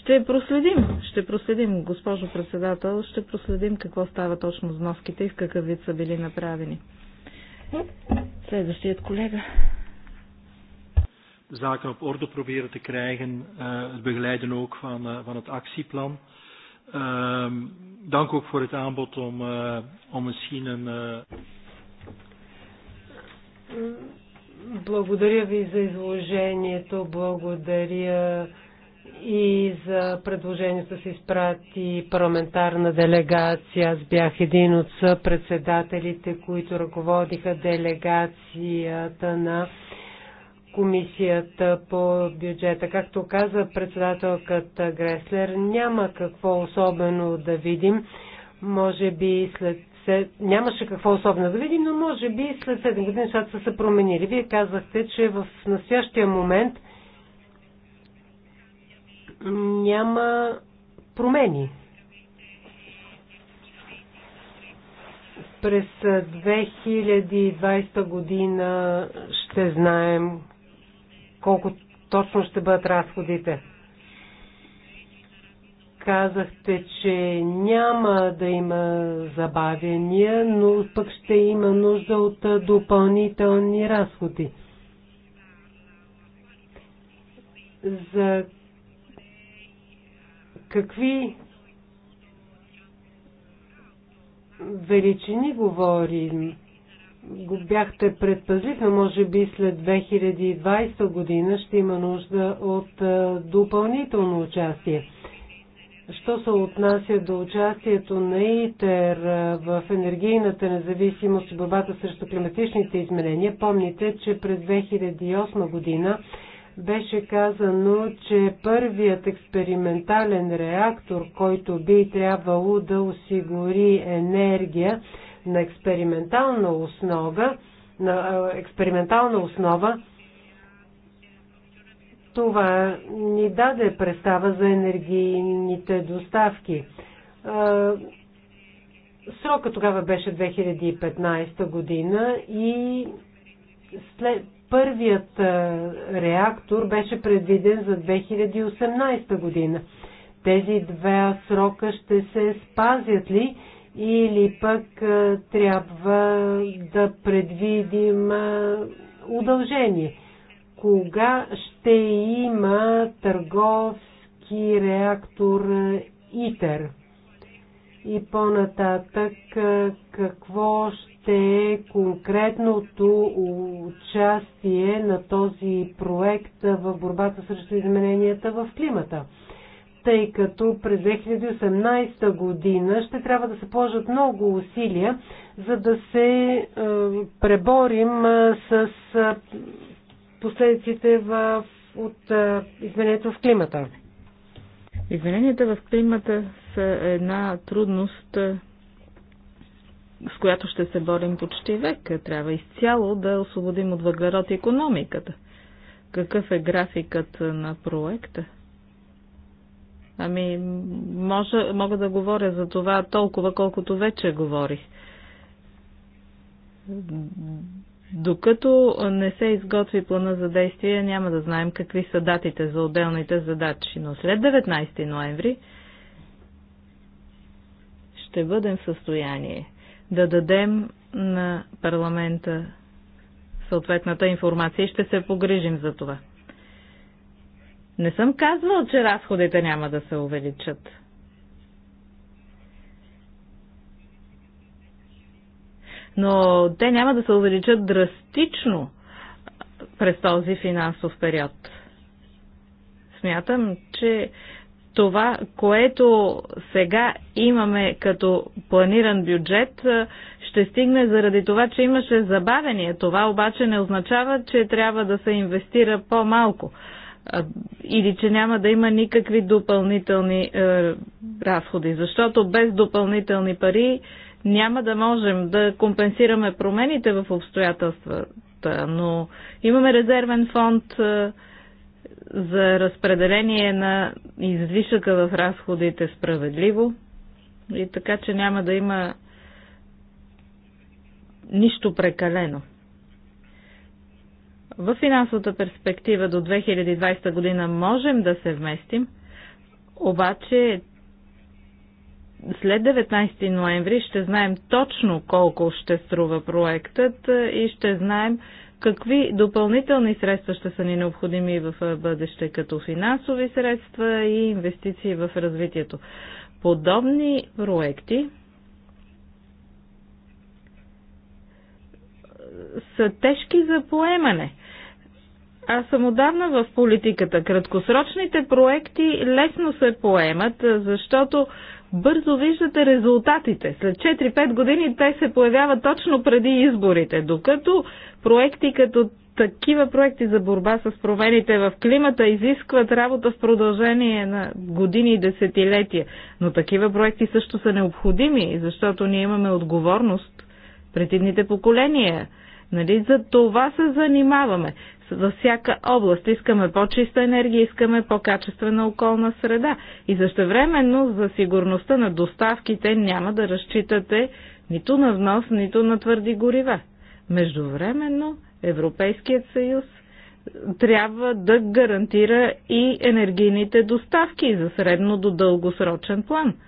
ще проследим, ще проследим, госпожо председател, ще проследим какво става точно с вноските и в какъв вид са били направени. Следващият колега. Zaken op orde proberen te krijgen, uh, het begeleiden ook van, uh, van het actieplan. Um, dank ook voor het aanbod om, uh, om misschien een. Eh, благодаря ви за изложението, благодаря и за предложението се изпрати парламентарна делегация. Аз бях един от председателите, които ръководиха делегацията на комисията по бюджета. Както каза председателката Греслер, няма какво особено да видим. Може би след нямаше какво особено да видим, но може би след 7 години нещата са се променили. Вие казахте, че в настоящия момент няма промени. През 2020 година ще знаем колко точно ще бъдат разходите. Казахте, че няма да има забавяния, но пък ще има нужда от допълнителни разходи. За какви величини говорим? го бяхте предпазли, а може би след 2020 година ще има нужда от е, допълнително участие. Що се отнася до участието на ИТЕР е, в енергийната независимост и борбата срещу климатичните изменения, помните, че през 2008 година беше казано, че първият експериментален реактор, който би трябвало да осигури енергия на експериментална основа, на експериментална основа, това ни даде представа за енергийните доставки. Срока тогава беше 2015 година и след първият реактор беше предвиден за 2018 година. Тези два срока ще се спазят ли или пък трябва да предвидим удължение. Кога ще има търговски реактор ИТЕР? И по-нататък какво ще е конкретното участие на този проект в борбата срещу измененията в климата? тъй като през 2018 година ще трябва да се положат много усилия, за да се е, преборим е, с е, последиците в, от изменението в климата. Измененията в климата са една трудност, с която ще се борим почти век. Трябва изцяло да освободим от въглерод економиката. Какъв е графикът на проекта? Ами, може, мога да говоря за това толкова, колкото вече говорих. Докато не се изготви плана за действие, няма да знаем какви са датите за отделните задачи. Но след 19 ноември ще бъдем в състояние да дадем на парламента съответната информация и ще се погрижим за това. Не съм казвал, че разходите няма да се увеличат. Но те няма да се увеличат драстично през този финансов период. Смятам, че това, което сега имаме като планиран бюджет, ще стигне заради това, че имаше забавение. Това обаче не означава, че трябва да се инвестира по-малко или че няма да има никакви допълнителни е, разходи, защото без допълнителни пари няма да можем да компенсираме промените в обстоятелствата, но имаме резервен фонд е, за разпределение на излишъка в разходите справедливо и така, че няма да има нищо прекалено в финансовата перспектива до 2020 година можем да се вместим, обаче след 19 ноември ще знаем точно колко ще струва проектът и ще знаем какви допълнителни средства ще са ни необходими в бъдеще, като финансови средства и инвестиции в развитието. Подобни проекти са тежки за поемане. Аз съм отдавна в политиката. Краткосрочните проекти лесно се поемат, защото бързо виждате резултатите. След 4-5 години те се появяват точно преди изборите, докато проекти като такива проекти за борба с промените в климата изискват работа в продължение на години и десетилетия. Но такива проекти също са необходими, защото ние имаме отговорност пред идните поколения. Нали? За това се занимаваме във всяка област. Искаме по-чиста енергия, искаме по-качествена околна среда. И същевременно за сигурността на доставките няма да разчитате нито на внос, нито на твърди горива. Междувременно Европейският съюз трябва да гарантира и енергийните доставки за средно до дългосрочен план –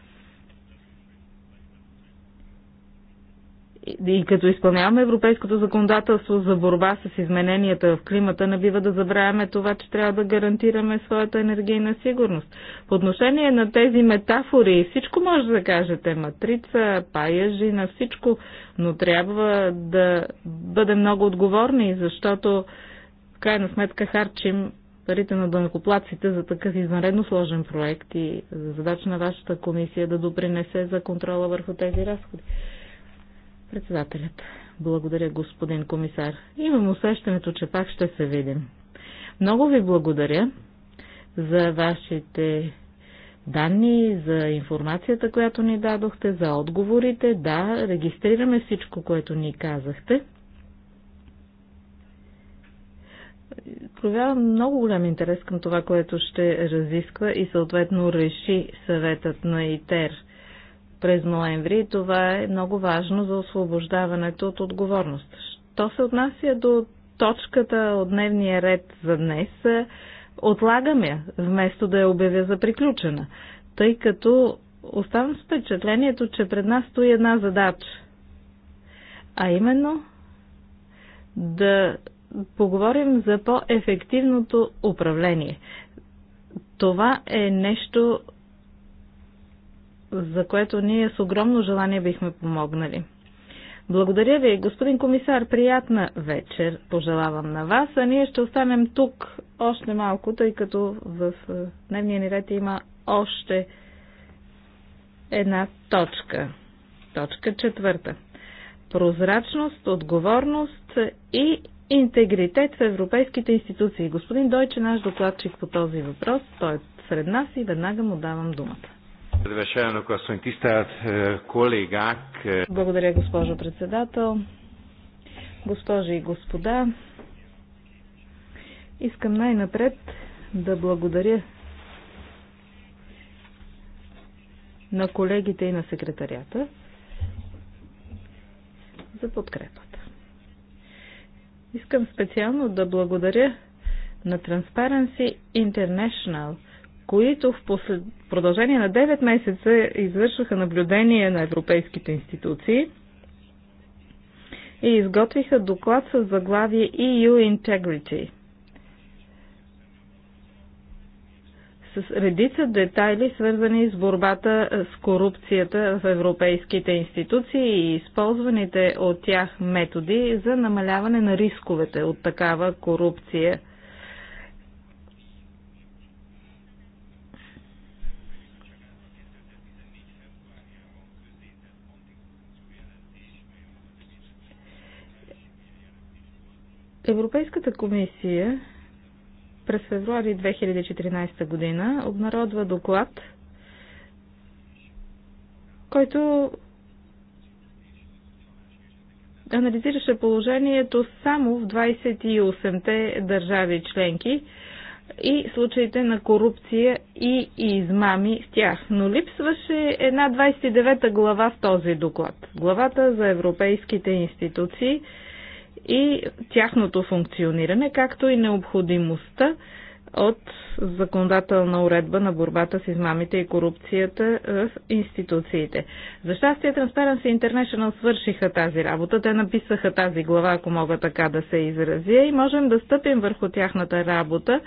и като изпълняваме европейското законодателство за борба с измененията в климата, не бива да забравяме това, че трябва да гарантираме своята енергийна сигурност. По отношение на тези метафори, всичко може да кажете, матрица, паяжи, на всичко, но трябва да бъдем много отговорни, защото в крайна сметка харчим парите на дънакоплаците за такъв извънредно сложен проект и задача на вашата комисия да допринесе за контрола върху тези разходи. Председателят. Благодаря, господин комисар. Имам усещането, че пак ще се видим. Много ви благодаря за вашите данни, за информацията, която ни дадохте, за отговорите. Да, регистрираме всичко, което ни казахте. проявявам много голям интерес към това, което ще разисква и съответно реши съветът на ИТЕР през ноември. Това е много важно за освобождаването от отговорност. Що се отнася до точката от дневния ред за днес, отлагам я, вместо да я обявя за приключена, тъй като оставам с впечатлението, че пред нас стои една задача, а именно да поговорим за по-ефективното управление. Това е нещо, за което ние с огромно желание бихме помогнали. Благодаря ви, господин комисар. Приятна вечер пожелавам на вас, а ние ще останем тук още малко, тъй като в е, дневния ни ред има още една точка. Точка четвърта. Прозрачност, отговорност и интегритет в европейските институции. Господин Дойче, наш докладчик по този въпрос, той е сред нас и веднага му давам думата. Е, е. Благодаря, госпожо председател. Госпожи и господа, искам най-напред да благодаря на колегите и на секретарията за подкрепата. Искам специално да благодаря на Transparency International – които в послед... продължение на 9 месеца извършваха наблюдение на европейските институции и изготвиха доклад с заглавие EU Integrity. с редица детайли, свързани с борбата с корупцията в европейските институции и използваните от тях методи за намаляване на рисковете от такава корупция – Европейската комисия през февруари 2014 година обнародва доклад, който анализираше положението само в 28-те държави членки и случаите на корупция и измами в тях. Но липсваше една 29-та глава в този доклад. Главата за европейските институции – и тяхното функциониране, както и необходимостта от законодателна уредба на борбата с измамите и корупцията в институциите. За щастие Transparency International свършиха тази работа. Те написаха тази глава, ако мога така да се изразя, и можем да стъпим върху тяхната работа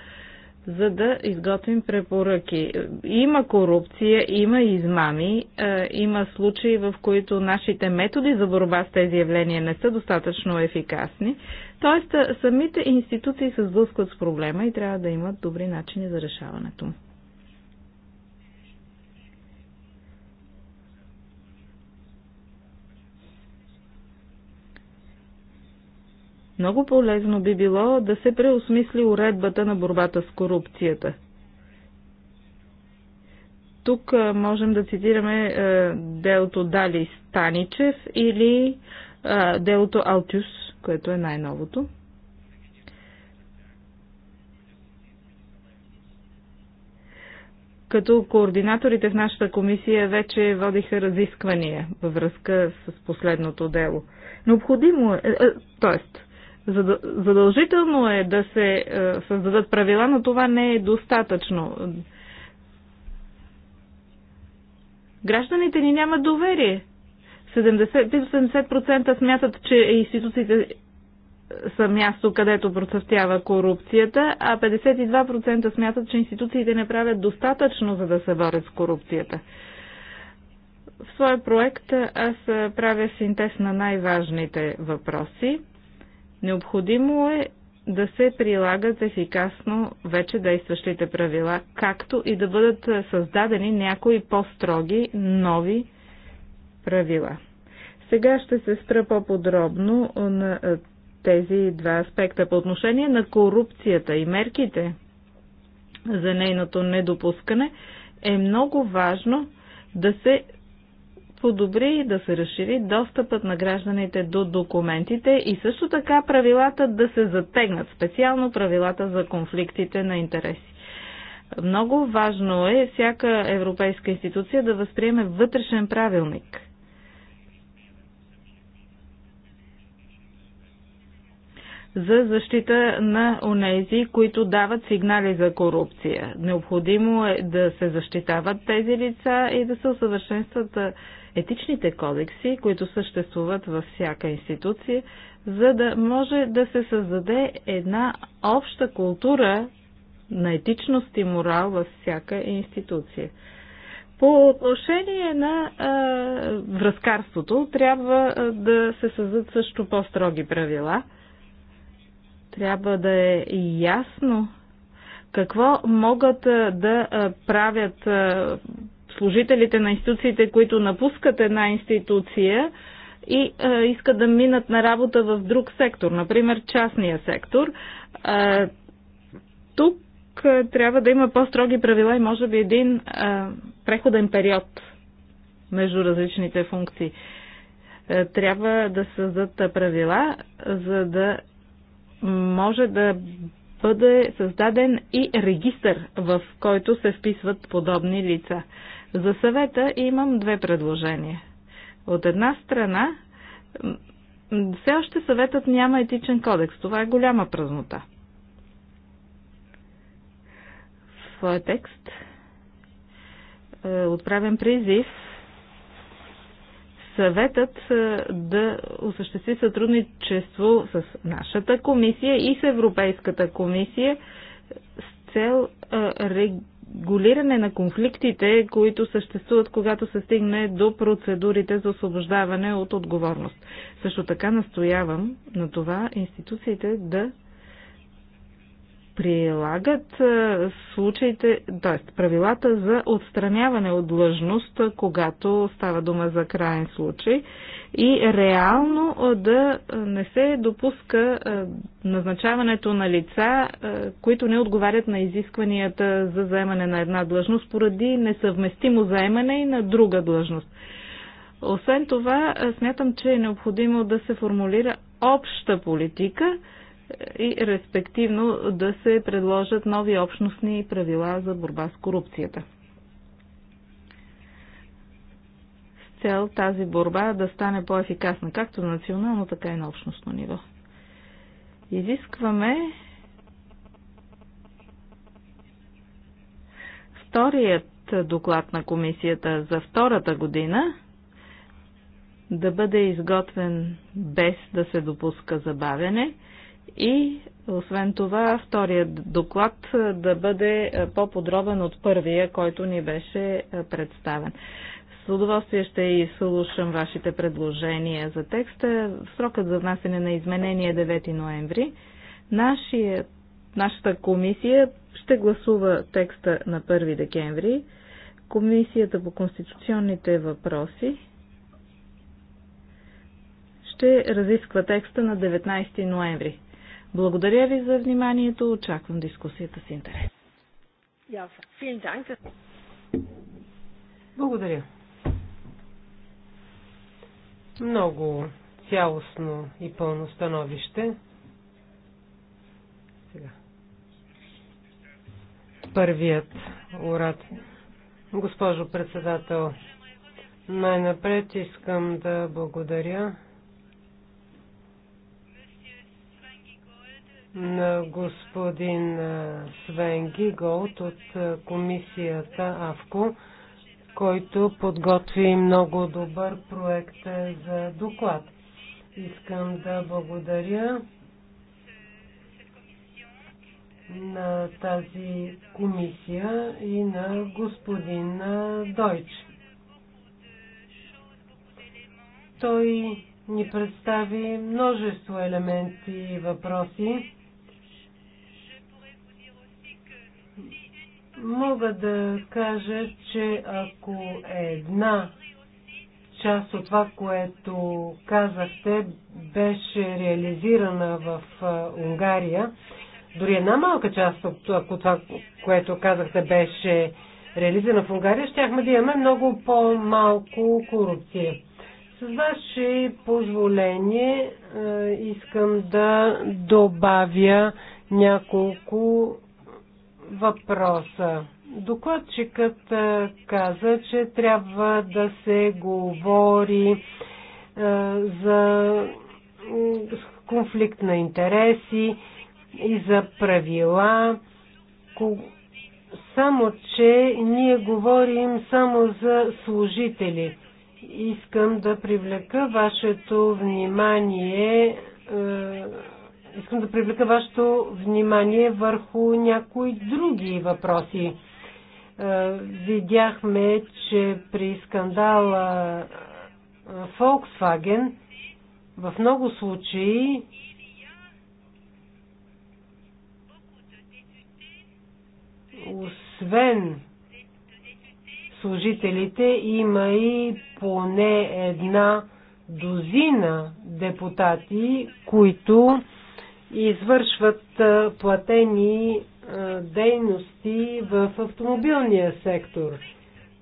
за да изготвим препоръки. Има корупция, има измами, е, има случаи, в които нашите методи за борба с тези явления не са достатъчно ефикасни. Тоест, е, самите институции се сблъскват с проблема и трябва да имат добри начини за решаването му. Много полезно би било да се преосмисли уредбата на борбата с корупцията. Тук можем да цитираме е, делото Дали Станичев или е, делото Алтюс, което е най-новото. като координаторите в нашата комисия вече водиха разисквания във връзка с последното дело. Необходимо е, т.е. Е, Задължително е да се е, създадат правила, но това не е достатъчно. Гражданите ни нямат доверие. 70 смятат, че институциите е, са място, където процъфтява корупцията, а 52% смятат, че институциите не правят достатъчно, за да се борят с корупцията. В своя проект аз е, правя синтез на най-важните въпроси. Необходимо е да се прилагат ефикасно вече действащите правила, както и да бъдат създадени някои по-строги нови правила. Сега ще се спра по-подробно на е, тези два аспекта. По отношение на корупцията и мерките за нейното недопускане е много важно да се подобри и да се разшири достъпът на гражданите до документите и също така правилата да се затегнат, специално правилата за конфликтите на интереси. Много важно е всяка европейска институция да възприеме вътрешен правилник. за защита на онези, които дават сигнали за корупция. Необходимо е да се защитават тези лица и да се усъвършенстват етичните кодекси, които съществуват във всяка институция, за да може да се създаде една обща култура на етичност и морал във всяка институция. По отношение на а, връзкарството трябва да се създадат също по-строги правила. Трябва да е ясно какво могат да правят служителите на институциите, които напускат една институция и а, искат да минат на работа в друг сектор, например частния сектор. А, тук а, трябва да има по-строги правила и може би един а, преходен период между различните функции. А, трябва да създадат правила, за да може да бъде създаден и регистър, в който се вписват подобни лица. За съвета имам две предложения. От една страна, все още съветът няма етичен кодекс. Това е голяма празнота. В своя текст е, отправен призив съветът е, да осъществи сътрудничество с нашата комисия и с Европейската комисия с цел е, регулиране на конфликтите, които съществуват, когато се стигне до процедурите за освобождаване от отговорност. Също така настоявам на това институциите да прилагат случаите, т.е. правилата за отстраняване от длъжност, когато става дума за крайен случай и реално да не се допуска назначаването на лица, които не отговарят на изискванията за заемане на една длъжност поради несъвместимо заемане и на друга длъжност. Освен това, смятам, че е необходимо да се формулира обща политика, и респективно да се предложат нови общностни правила за борба с корупцията. С цел тази борба да стане по-ефикасна както на национално, така и на общностно ниво. Изискваме вторият доклад на комисията за втората година да бъде изготвен без да се допуска забавяне – и освен това, вторият доклад да бъде по-подробен от първия, който ни беше представен. С удоволствие ще и слушам вашите предложения за текста. Срокът за внасене на изменение е 9 ноември. Нашия, нашата комисия ще гласува текста на 1 декември. Комисията по конституционните въпроси ще разисква текста на 19 ноември. Благодаря ви за вниманието. Очаквам дискусията с интерес. Благодаря. Много цялостно и пълно становище. Сега. Първият урат. Госпожо председател, най-напред искам да благодаря на господин Свен Гиголт от комисията АВКО, който подготви много добър проект за доклад. Искам да благодаря на тази комисия и на господин Дойч. Той ни представи множество елементи и въпроси. Мога да кажа, че ако една част от това, което казахте, беше реализирана в Унгария, дори една малка част от ако това, което казахте, беше реализирана в Унгария, щяхме да имаме много по-малко корупция. С ваше позволение искам да добавя няколко въпроса. Докладчикът каза, че трябва да се говори за конфликт на интереси и за правила. Само, че ние говорим само за служители. Искам да привлека вашето внимание искам да привлека вашето внимание върху някои други въпроси. Е, видяхме, че при скандала е, Volkswagen в много случаи освен служителите има и поне една дозина депутати, които извършват платени дейности в автомобилния сектор.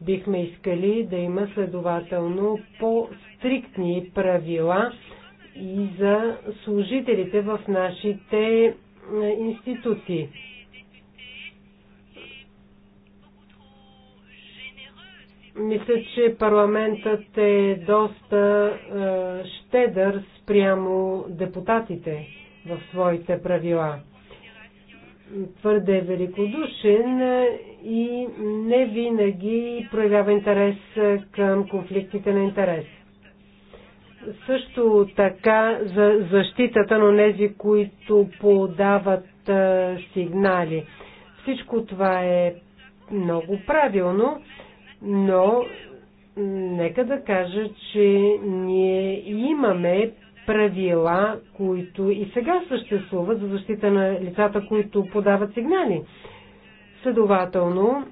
Бихме искали да има следователно по-стриктни правила и за служителите в нашите институции. Мисля, че парламентът е доста е, щедър спрямо депутатите в своите правила. Твърде е великодушен и не винаги проявява интерес към конфликтите на интерес. Също така за защитата на тези, които подават сигнали. Всичко това е много правилно, но нека да кажа, че ние имаме правила, които и сега съществуват за защита на лицата, които подават сигнали. Следователно,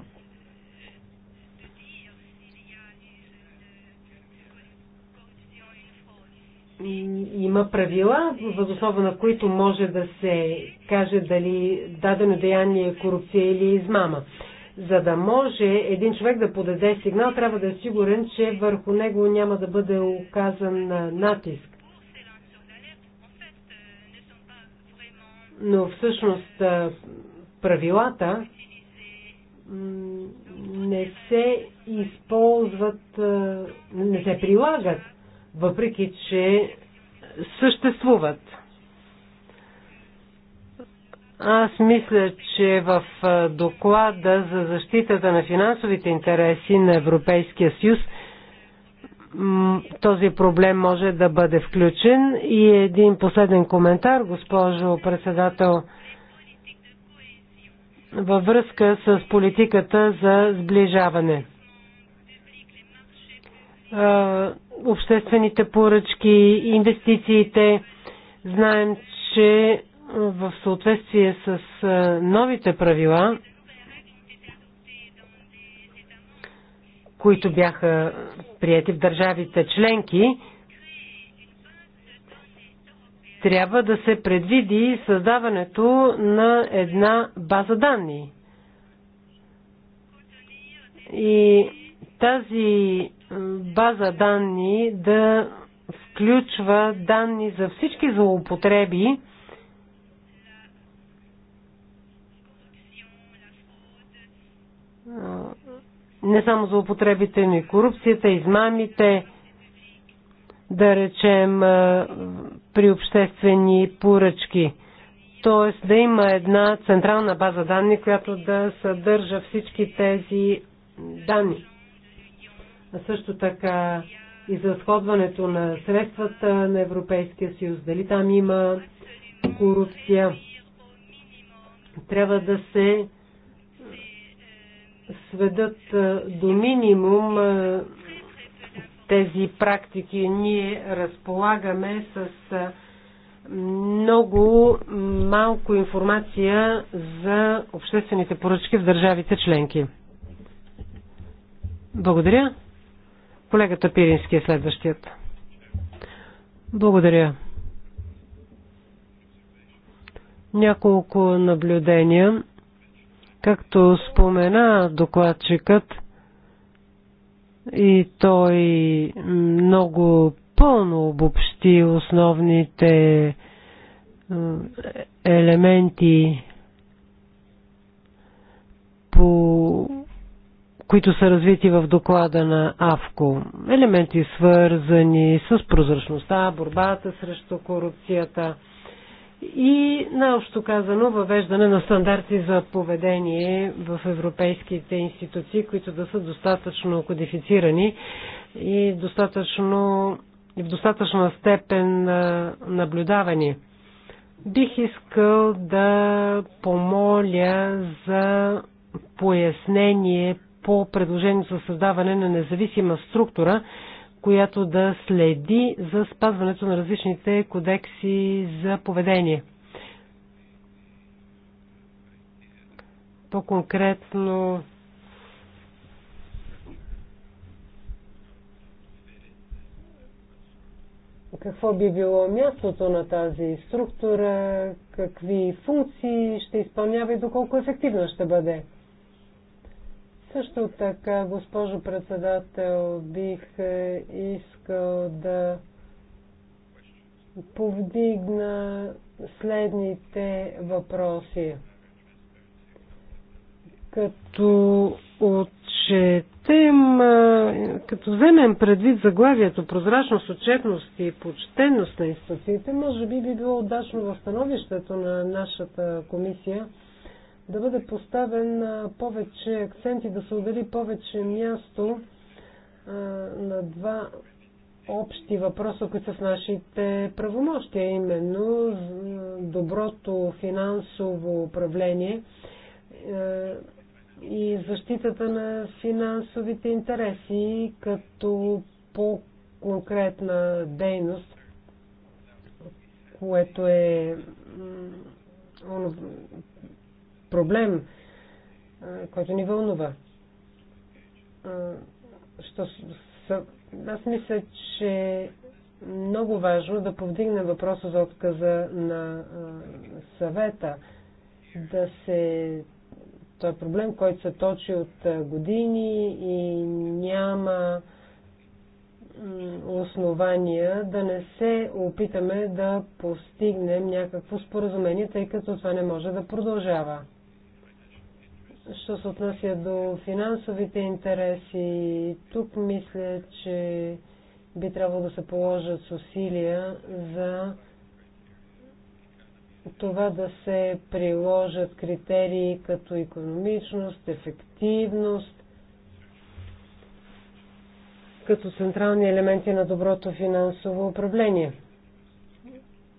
има правила, възоснова на които може да се каже дали дадено деяние е корупция или е измама. За да може един човек да подаде сигнал, трябва да е сигурен, че върху него няма да бъде оказан натиск. но всъщност правилата не се използват, не се прилагат, въпреки че съществуват. Аз мисля, че в доклада за защитата на финансовите интереси на Европейския съюз този проблем може да бъде включен. И един последен коментар, госпожо председател, във връзка с политиката за сближаване. Обществените поръчки, инвестициите. Знаем, че в съответствие с новите правила, които бяха прияти в държавите членки, трябва да се предвиди създаването на една база данни. И тази база данни да включва данни за всички злоупотреби, не само злоупотребите, но и корупцията, измамите, да речем, при обществени поръчки. Тоест да има една централна база данни, която да съдържа всички тези данни. А също така и за сходването на средствата на Европейския съюз, дали там има корупция. Трябва да се сведат до минимум тези практики. Ние разполагаме с много малко информация за обществените поръчки в държавите членки. Благодаря. Колегата Пирински е следващият. Благодаря. Няколко наблюдения. Както спомена докладчикът, и той много пълно обобщи основните е, елементи, по които са развити в доклада на АВКО. Елементи свързани с прозрачността, борбата срещу корупцията – и, наобщо казано, въвеждане на стандарти за поведение в европейските институции, които да са достатъчно кодифицирани и достатъчно, в достатъчна степен наблюдавани. Бих искал да помоля за пояснение по предложението за създаване на независима структура, която да следи за спазването на различните кодекси за поведение. По-конкретно какво би било мястото на тази структура, какви функции ще изпълнява и доколко ефективна ще бъде. Също така, госпожо председател, бих е, искал да повдигна следните въпроси. Като отчетем, е, като вземем предвид заглавието прозрачност, отчетност и почтенност на институциите, може би би било удачно в становището на нашата комисия – да бъде поставен повече акцент и да се отдели повече място а, на два общи въпроса, които са в нашите правомощия, именно доброто финансово управление е, и защитата на финансовите интереси като по-конкретна дейност, което е проблем, който ни вълнува. Що са... Аз мисля, че е много важно да повдигнем въпроса за отказа на съвета, да се той е проблем, който се точи от години и няма основания да не се опитаме да постигнем някакво споразумение, тъй като това не може да продължава. Що се отнася до финансовите интереси, тук мисля, че би трябвало да се положат с усилия за това да се приложат критерии като економичност, ефективност, като централни елементи на доброто финансово управление.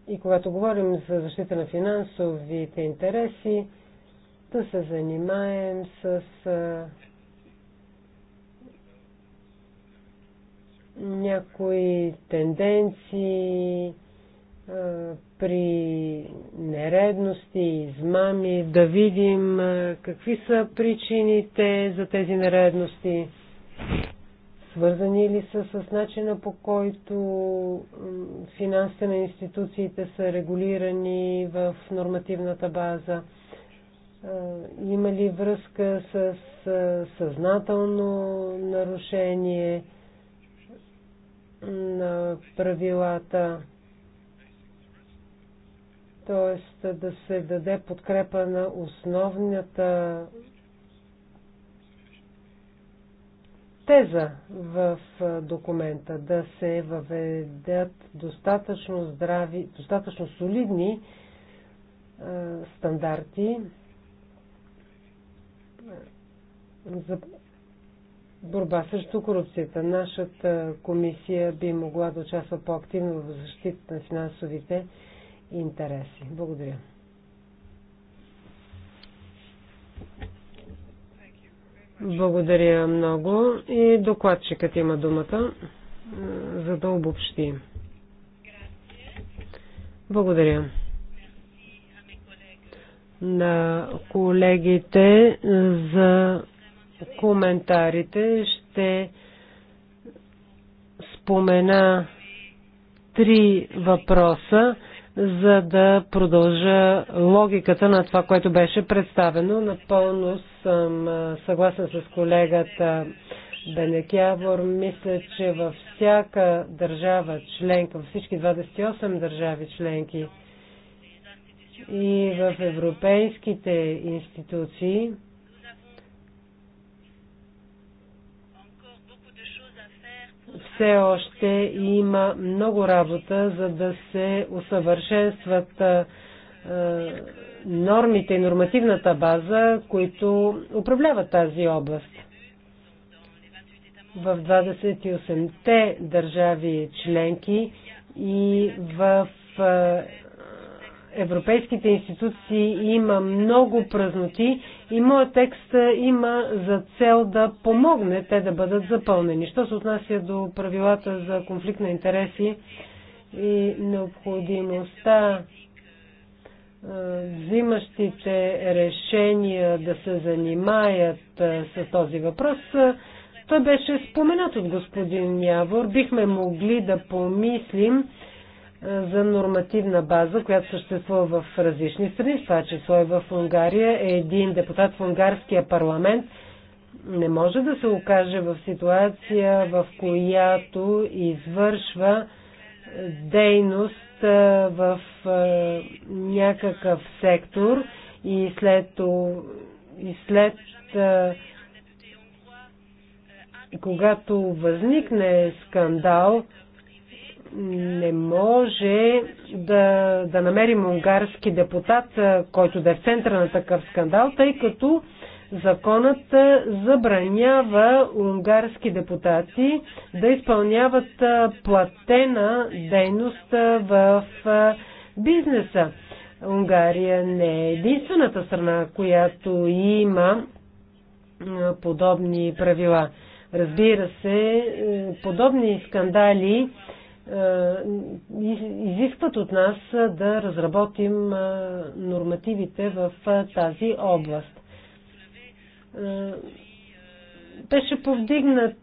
И когато говорим за защита на финансовите интереси, да се занимаем с някои тенденции при нередности, измами, да видим какви са причините за тези нередности, свързани ли са с начина по който финансите на институциите са регулирани в нормативната база – е, има ли връзка с е, съзнателно нарушение на правилата? т.е. да се даде подкрепа на основната теза в е, документа, да се въведат достатъчно здрави, достатъчно солидни стандарти, за борба срещу корупцията. Нашата комисия би могла да участва по-активно в защита на финансовите интереси. Благодаря. Благодаря много. И докладчикът има думата, за да обобщи. Благодаря. На колегите за коментарите. Ще спомена три въпроса, за да продължа логиката на това, което беше представено. Напълно съм съгласен с колегата Бенекявор. Мисля, че във всяка държава членка, във всички 28 държави членки и в европейските институции, все още има много работа, за да се усъвършенстват нормите и нормативната база, които управляват тази област. В 28-те държави членки и в европейските институции има много празноти и моят текст има за цел да помогне те да бъдат запълнени. Що се отнася до правилата за конфликт на интереси и необходимостта взимащите решения да се занимаят с този въпрос, той беше споменат от господин Явор. Бихме могли да помислим за нормативна база, която съществува в различни страни, това число е в Унгария. Един депутат в унгарския парламент не може да се окаже в ситуация, в която извършва дейност в някакъв сектор и след, и след когато възникне скандал, не може да, да намерим унгарски депутат, който да е в центъра на такъв скандал, тъй като законът забранява унгарски депутати да изпълняват платена дейност в бизнеса. Унгария не е единствената страна, която има подобни правила. Разбира се, подобни скандали е, изискват от нас е, да разработим е, нормативите в тази област. Беше повдигнат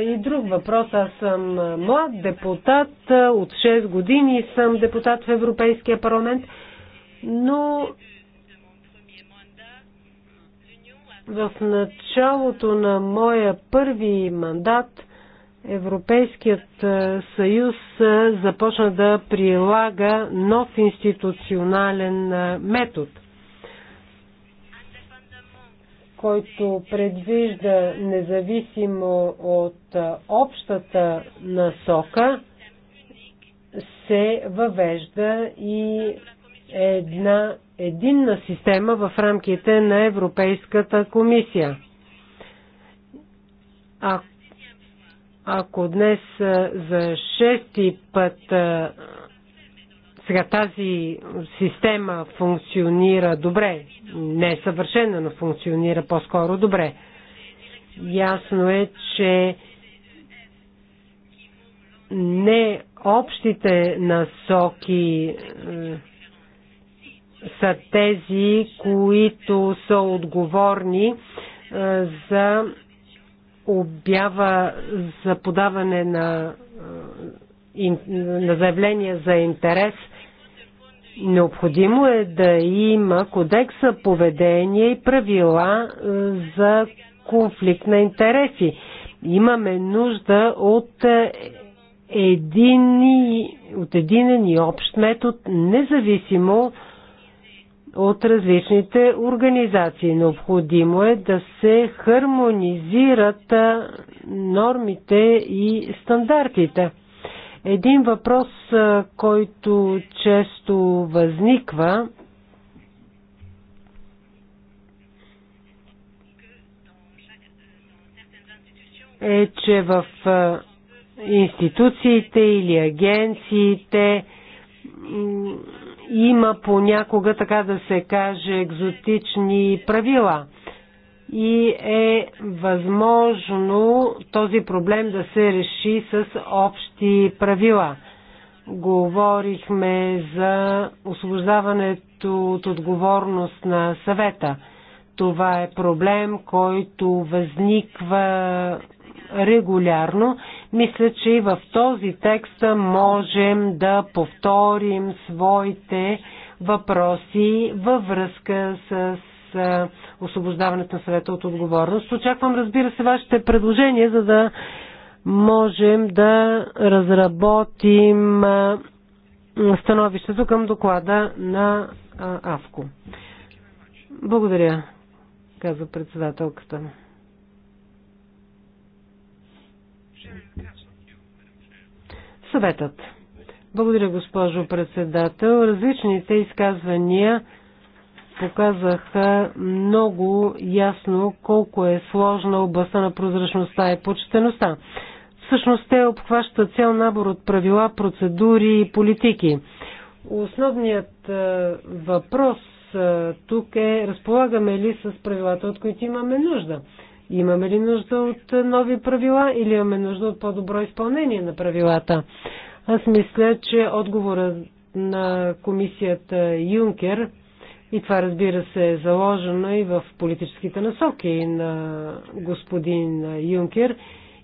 и друг въпрос. Аз съм млад депутат, от 6 години съм депутат в Европейския парламент, но в началото на моя първи мандат Европейският съюз започна да прилага нов институционален метод, който предвижда независимо от общата насока, се въвежда и една единна система в рамките на Европейската комисия. Ако ако днес за шести път сега тази система функционира добре, не е съвършена, но функционира по-скоро добре. Ясно е, че не общите насоки са тези, които са отговорни за обява за подаване на, на заявление за интерес. Необходимо е да има кодекса поведение и правила за конфликт на интереси. Имаме нужда от един, от един и общ метод, независимо от различните организации. Необходимо е да се хармонизират нормите и стандартите. Един въпрос, който често възниква, е, че в институциите или агенциите има понякога, така да се каже, екзотични правила. И е възможно този проблем да се реши с общи правила. Говорихме за освобождаването от отговорност на съвета. Това е проблем, който възниква регулярно. Мисля, че и в този текст можем да повторим своите въпроси във връзка с освобождаването на съвета от отговорност. Очаквам, разбира се, вашите предложения, за да можем да разработим становището към доклада на АВКО. Благодаря, казва председателката. съветът. Благодаря, госпожо председател. Различните изказвания показаха много ясно колко е сложна областта на прозрачността и почтеността. Всъщност те обхващат цял набор от правила, процедури и политики. Основният е, въпрос е, тук е разполагаме ли с правилата, от които имаме нужда. Имаме ли нужда от нови правила или имаме нужда от по-добро изпълнение на правилата? Аз мисля, че отговора на комисията Юнкер и това разбира се е заложено и в политическите насоки на господин Юнкер.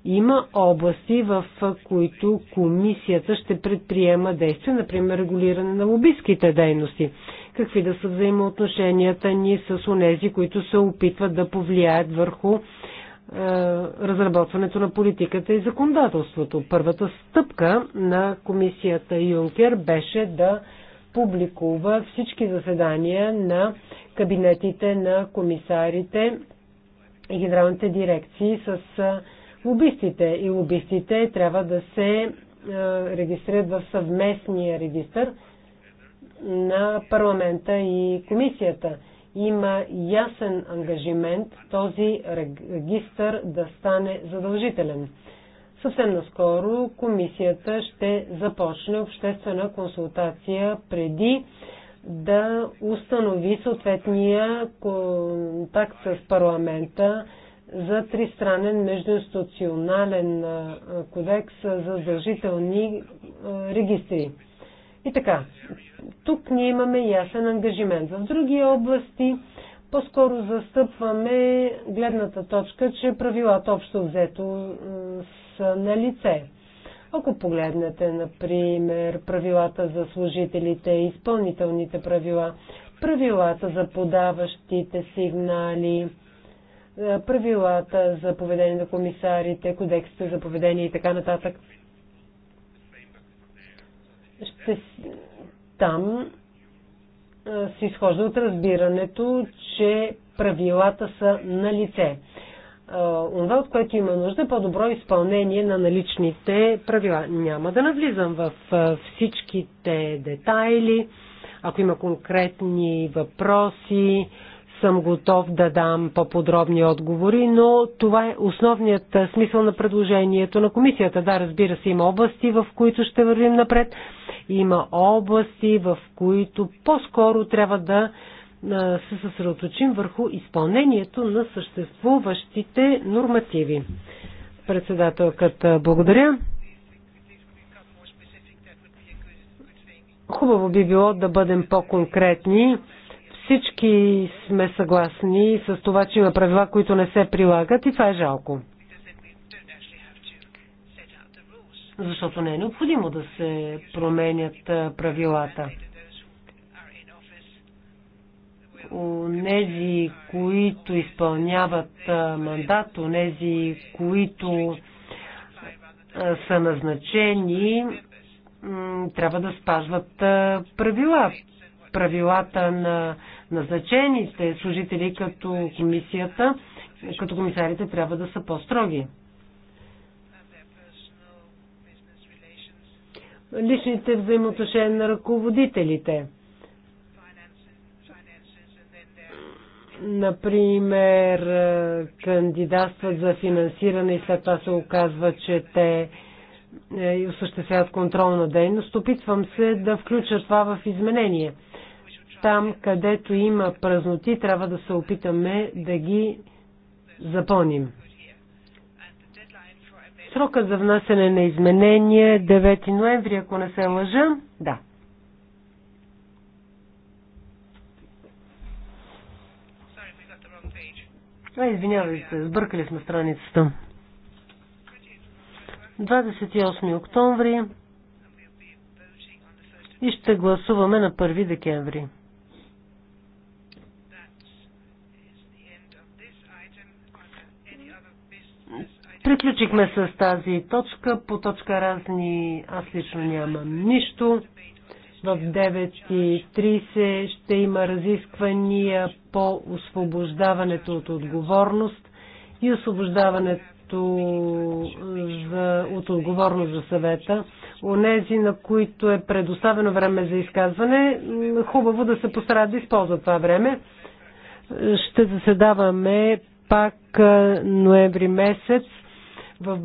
Има области, в които комисията ще предприема действия, например регулиране на лобистските дейности какви да са взаимоотношенията ни с онези, които се опитват да повлияят върху е, разработването на политиката и законодателството. Първата стъпка на комисията Юнкер беше да публикува всички заседания на кабинетите на комисарите и генералните дирекции с е, лобистите. И лобистите трябва да се е, регистрират в съвместния регистр – на парламента и комисията. Има ясен ангажимент този регистр да стане задължителен. Съвсем наскоро комисията ще започне обществена консултация преди да установи съответния контакт с парламента за тристранен междуинституционален кодекс за задължителни регистри. И така, тук ние имаме ясен ангажимент. В други области по-скоро застъпваме гледната точка, че правилата общо взето са на лице. Ако погледнете, например, правилата за служителите, изпълнителните правила, правилата за подаващите сигнали, е, правилата за поведение на комисарите, кодексите за поведение и така нататък – ще, там се изхожда от разбирането, че правилата са на лице. Онова, от което има нужда, е по-добро изпълнение на наличните правила. Няма да навлизам в всичките детайли. Ако има конкретни въпроси, съм готов да дам по-подробни отговори, но това е основният смисъл на предложението на комисията. Да, разбира се, има области, в които ще вървим напред. Има области, в които по-скоро трябва да се съсредоточим върху изпълнението на съществуващите нормативи. Председателката, благодаря. Хубаво би било да бъдем по-конкретни всички сме съгласни с това, че има правила, които не се прилагат и това е жалко. Защото не е необходимо да се променят правилата. Онези, които изпълняват мандат, нези, които са назначени, трябва да спазват правила правилата на назначените служители като комисията, като комисарите трябва да са по-строги. Личните взаимоотношения на ръководителите. Например, кандидатстват за финансиране и след това се оказва, че те е, осъществяват контролна дейност. Опитвам се да включа това в изменение – там, където има празноти, трябва да се опитаме да ги запълним. Срока за внасене на изменение е 9 ноември, ако не се лъжа. Да. А, извинявай се, сбъркали сме страницата. 28 октомври и ще гласуваме на 1 декември. Приключихме с тази точка. По точка разни аз лично нямам нищо. В 9.30 ще има разисквания по освобождаването от отговорност и освобождаването е, за, от отговорност за съвета. Онези, на които е предоставено време за изказване, хубаво да се постарат да използват това време. Е, ще заседаваме пак е, ноември месец в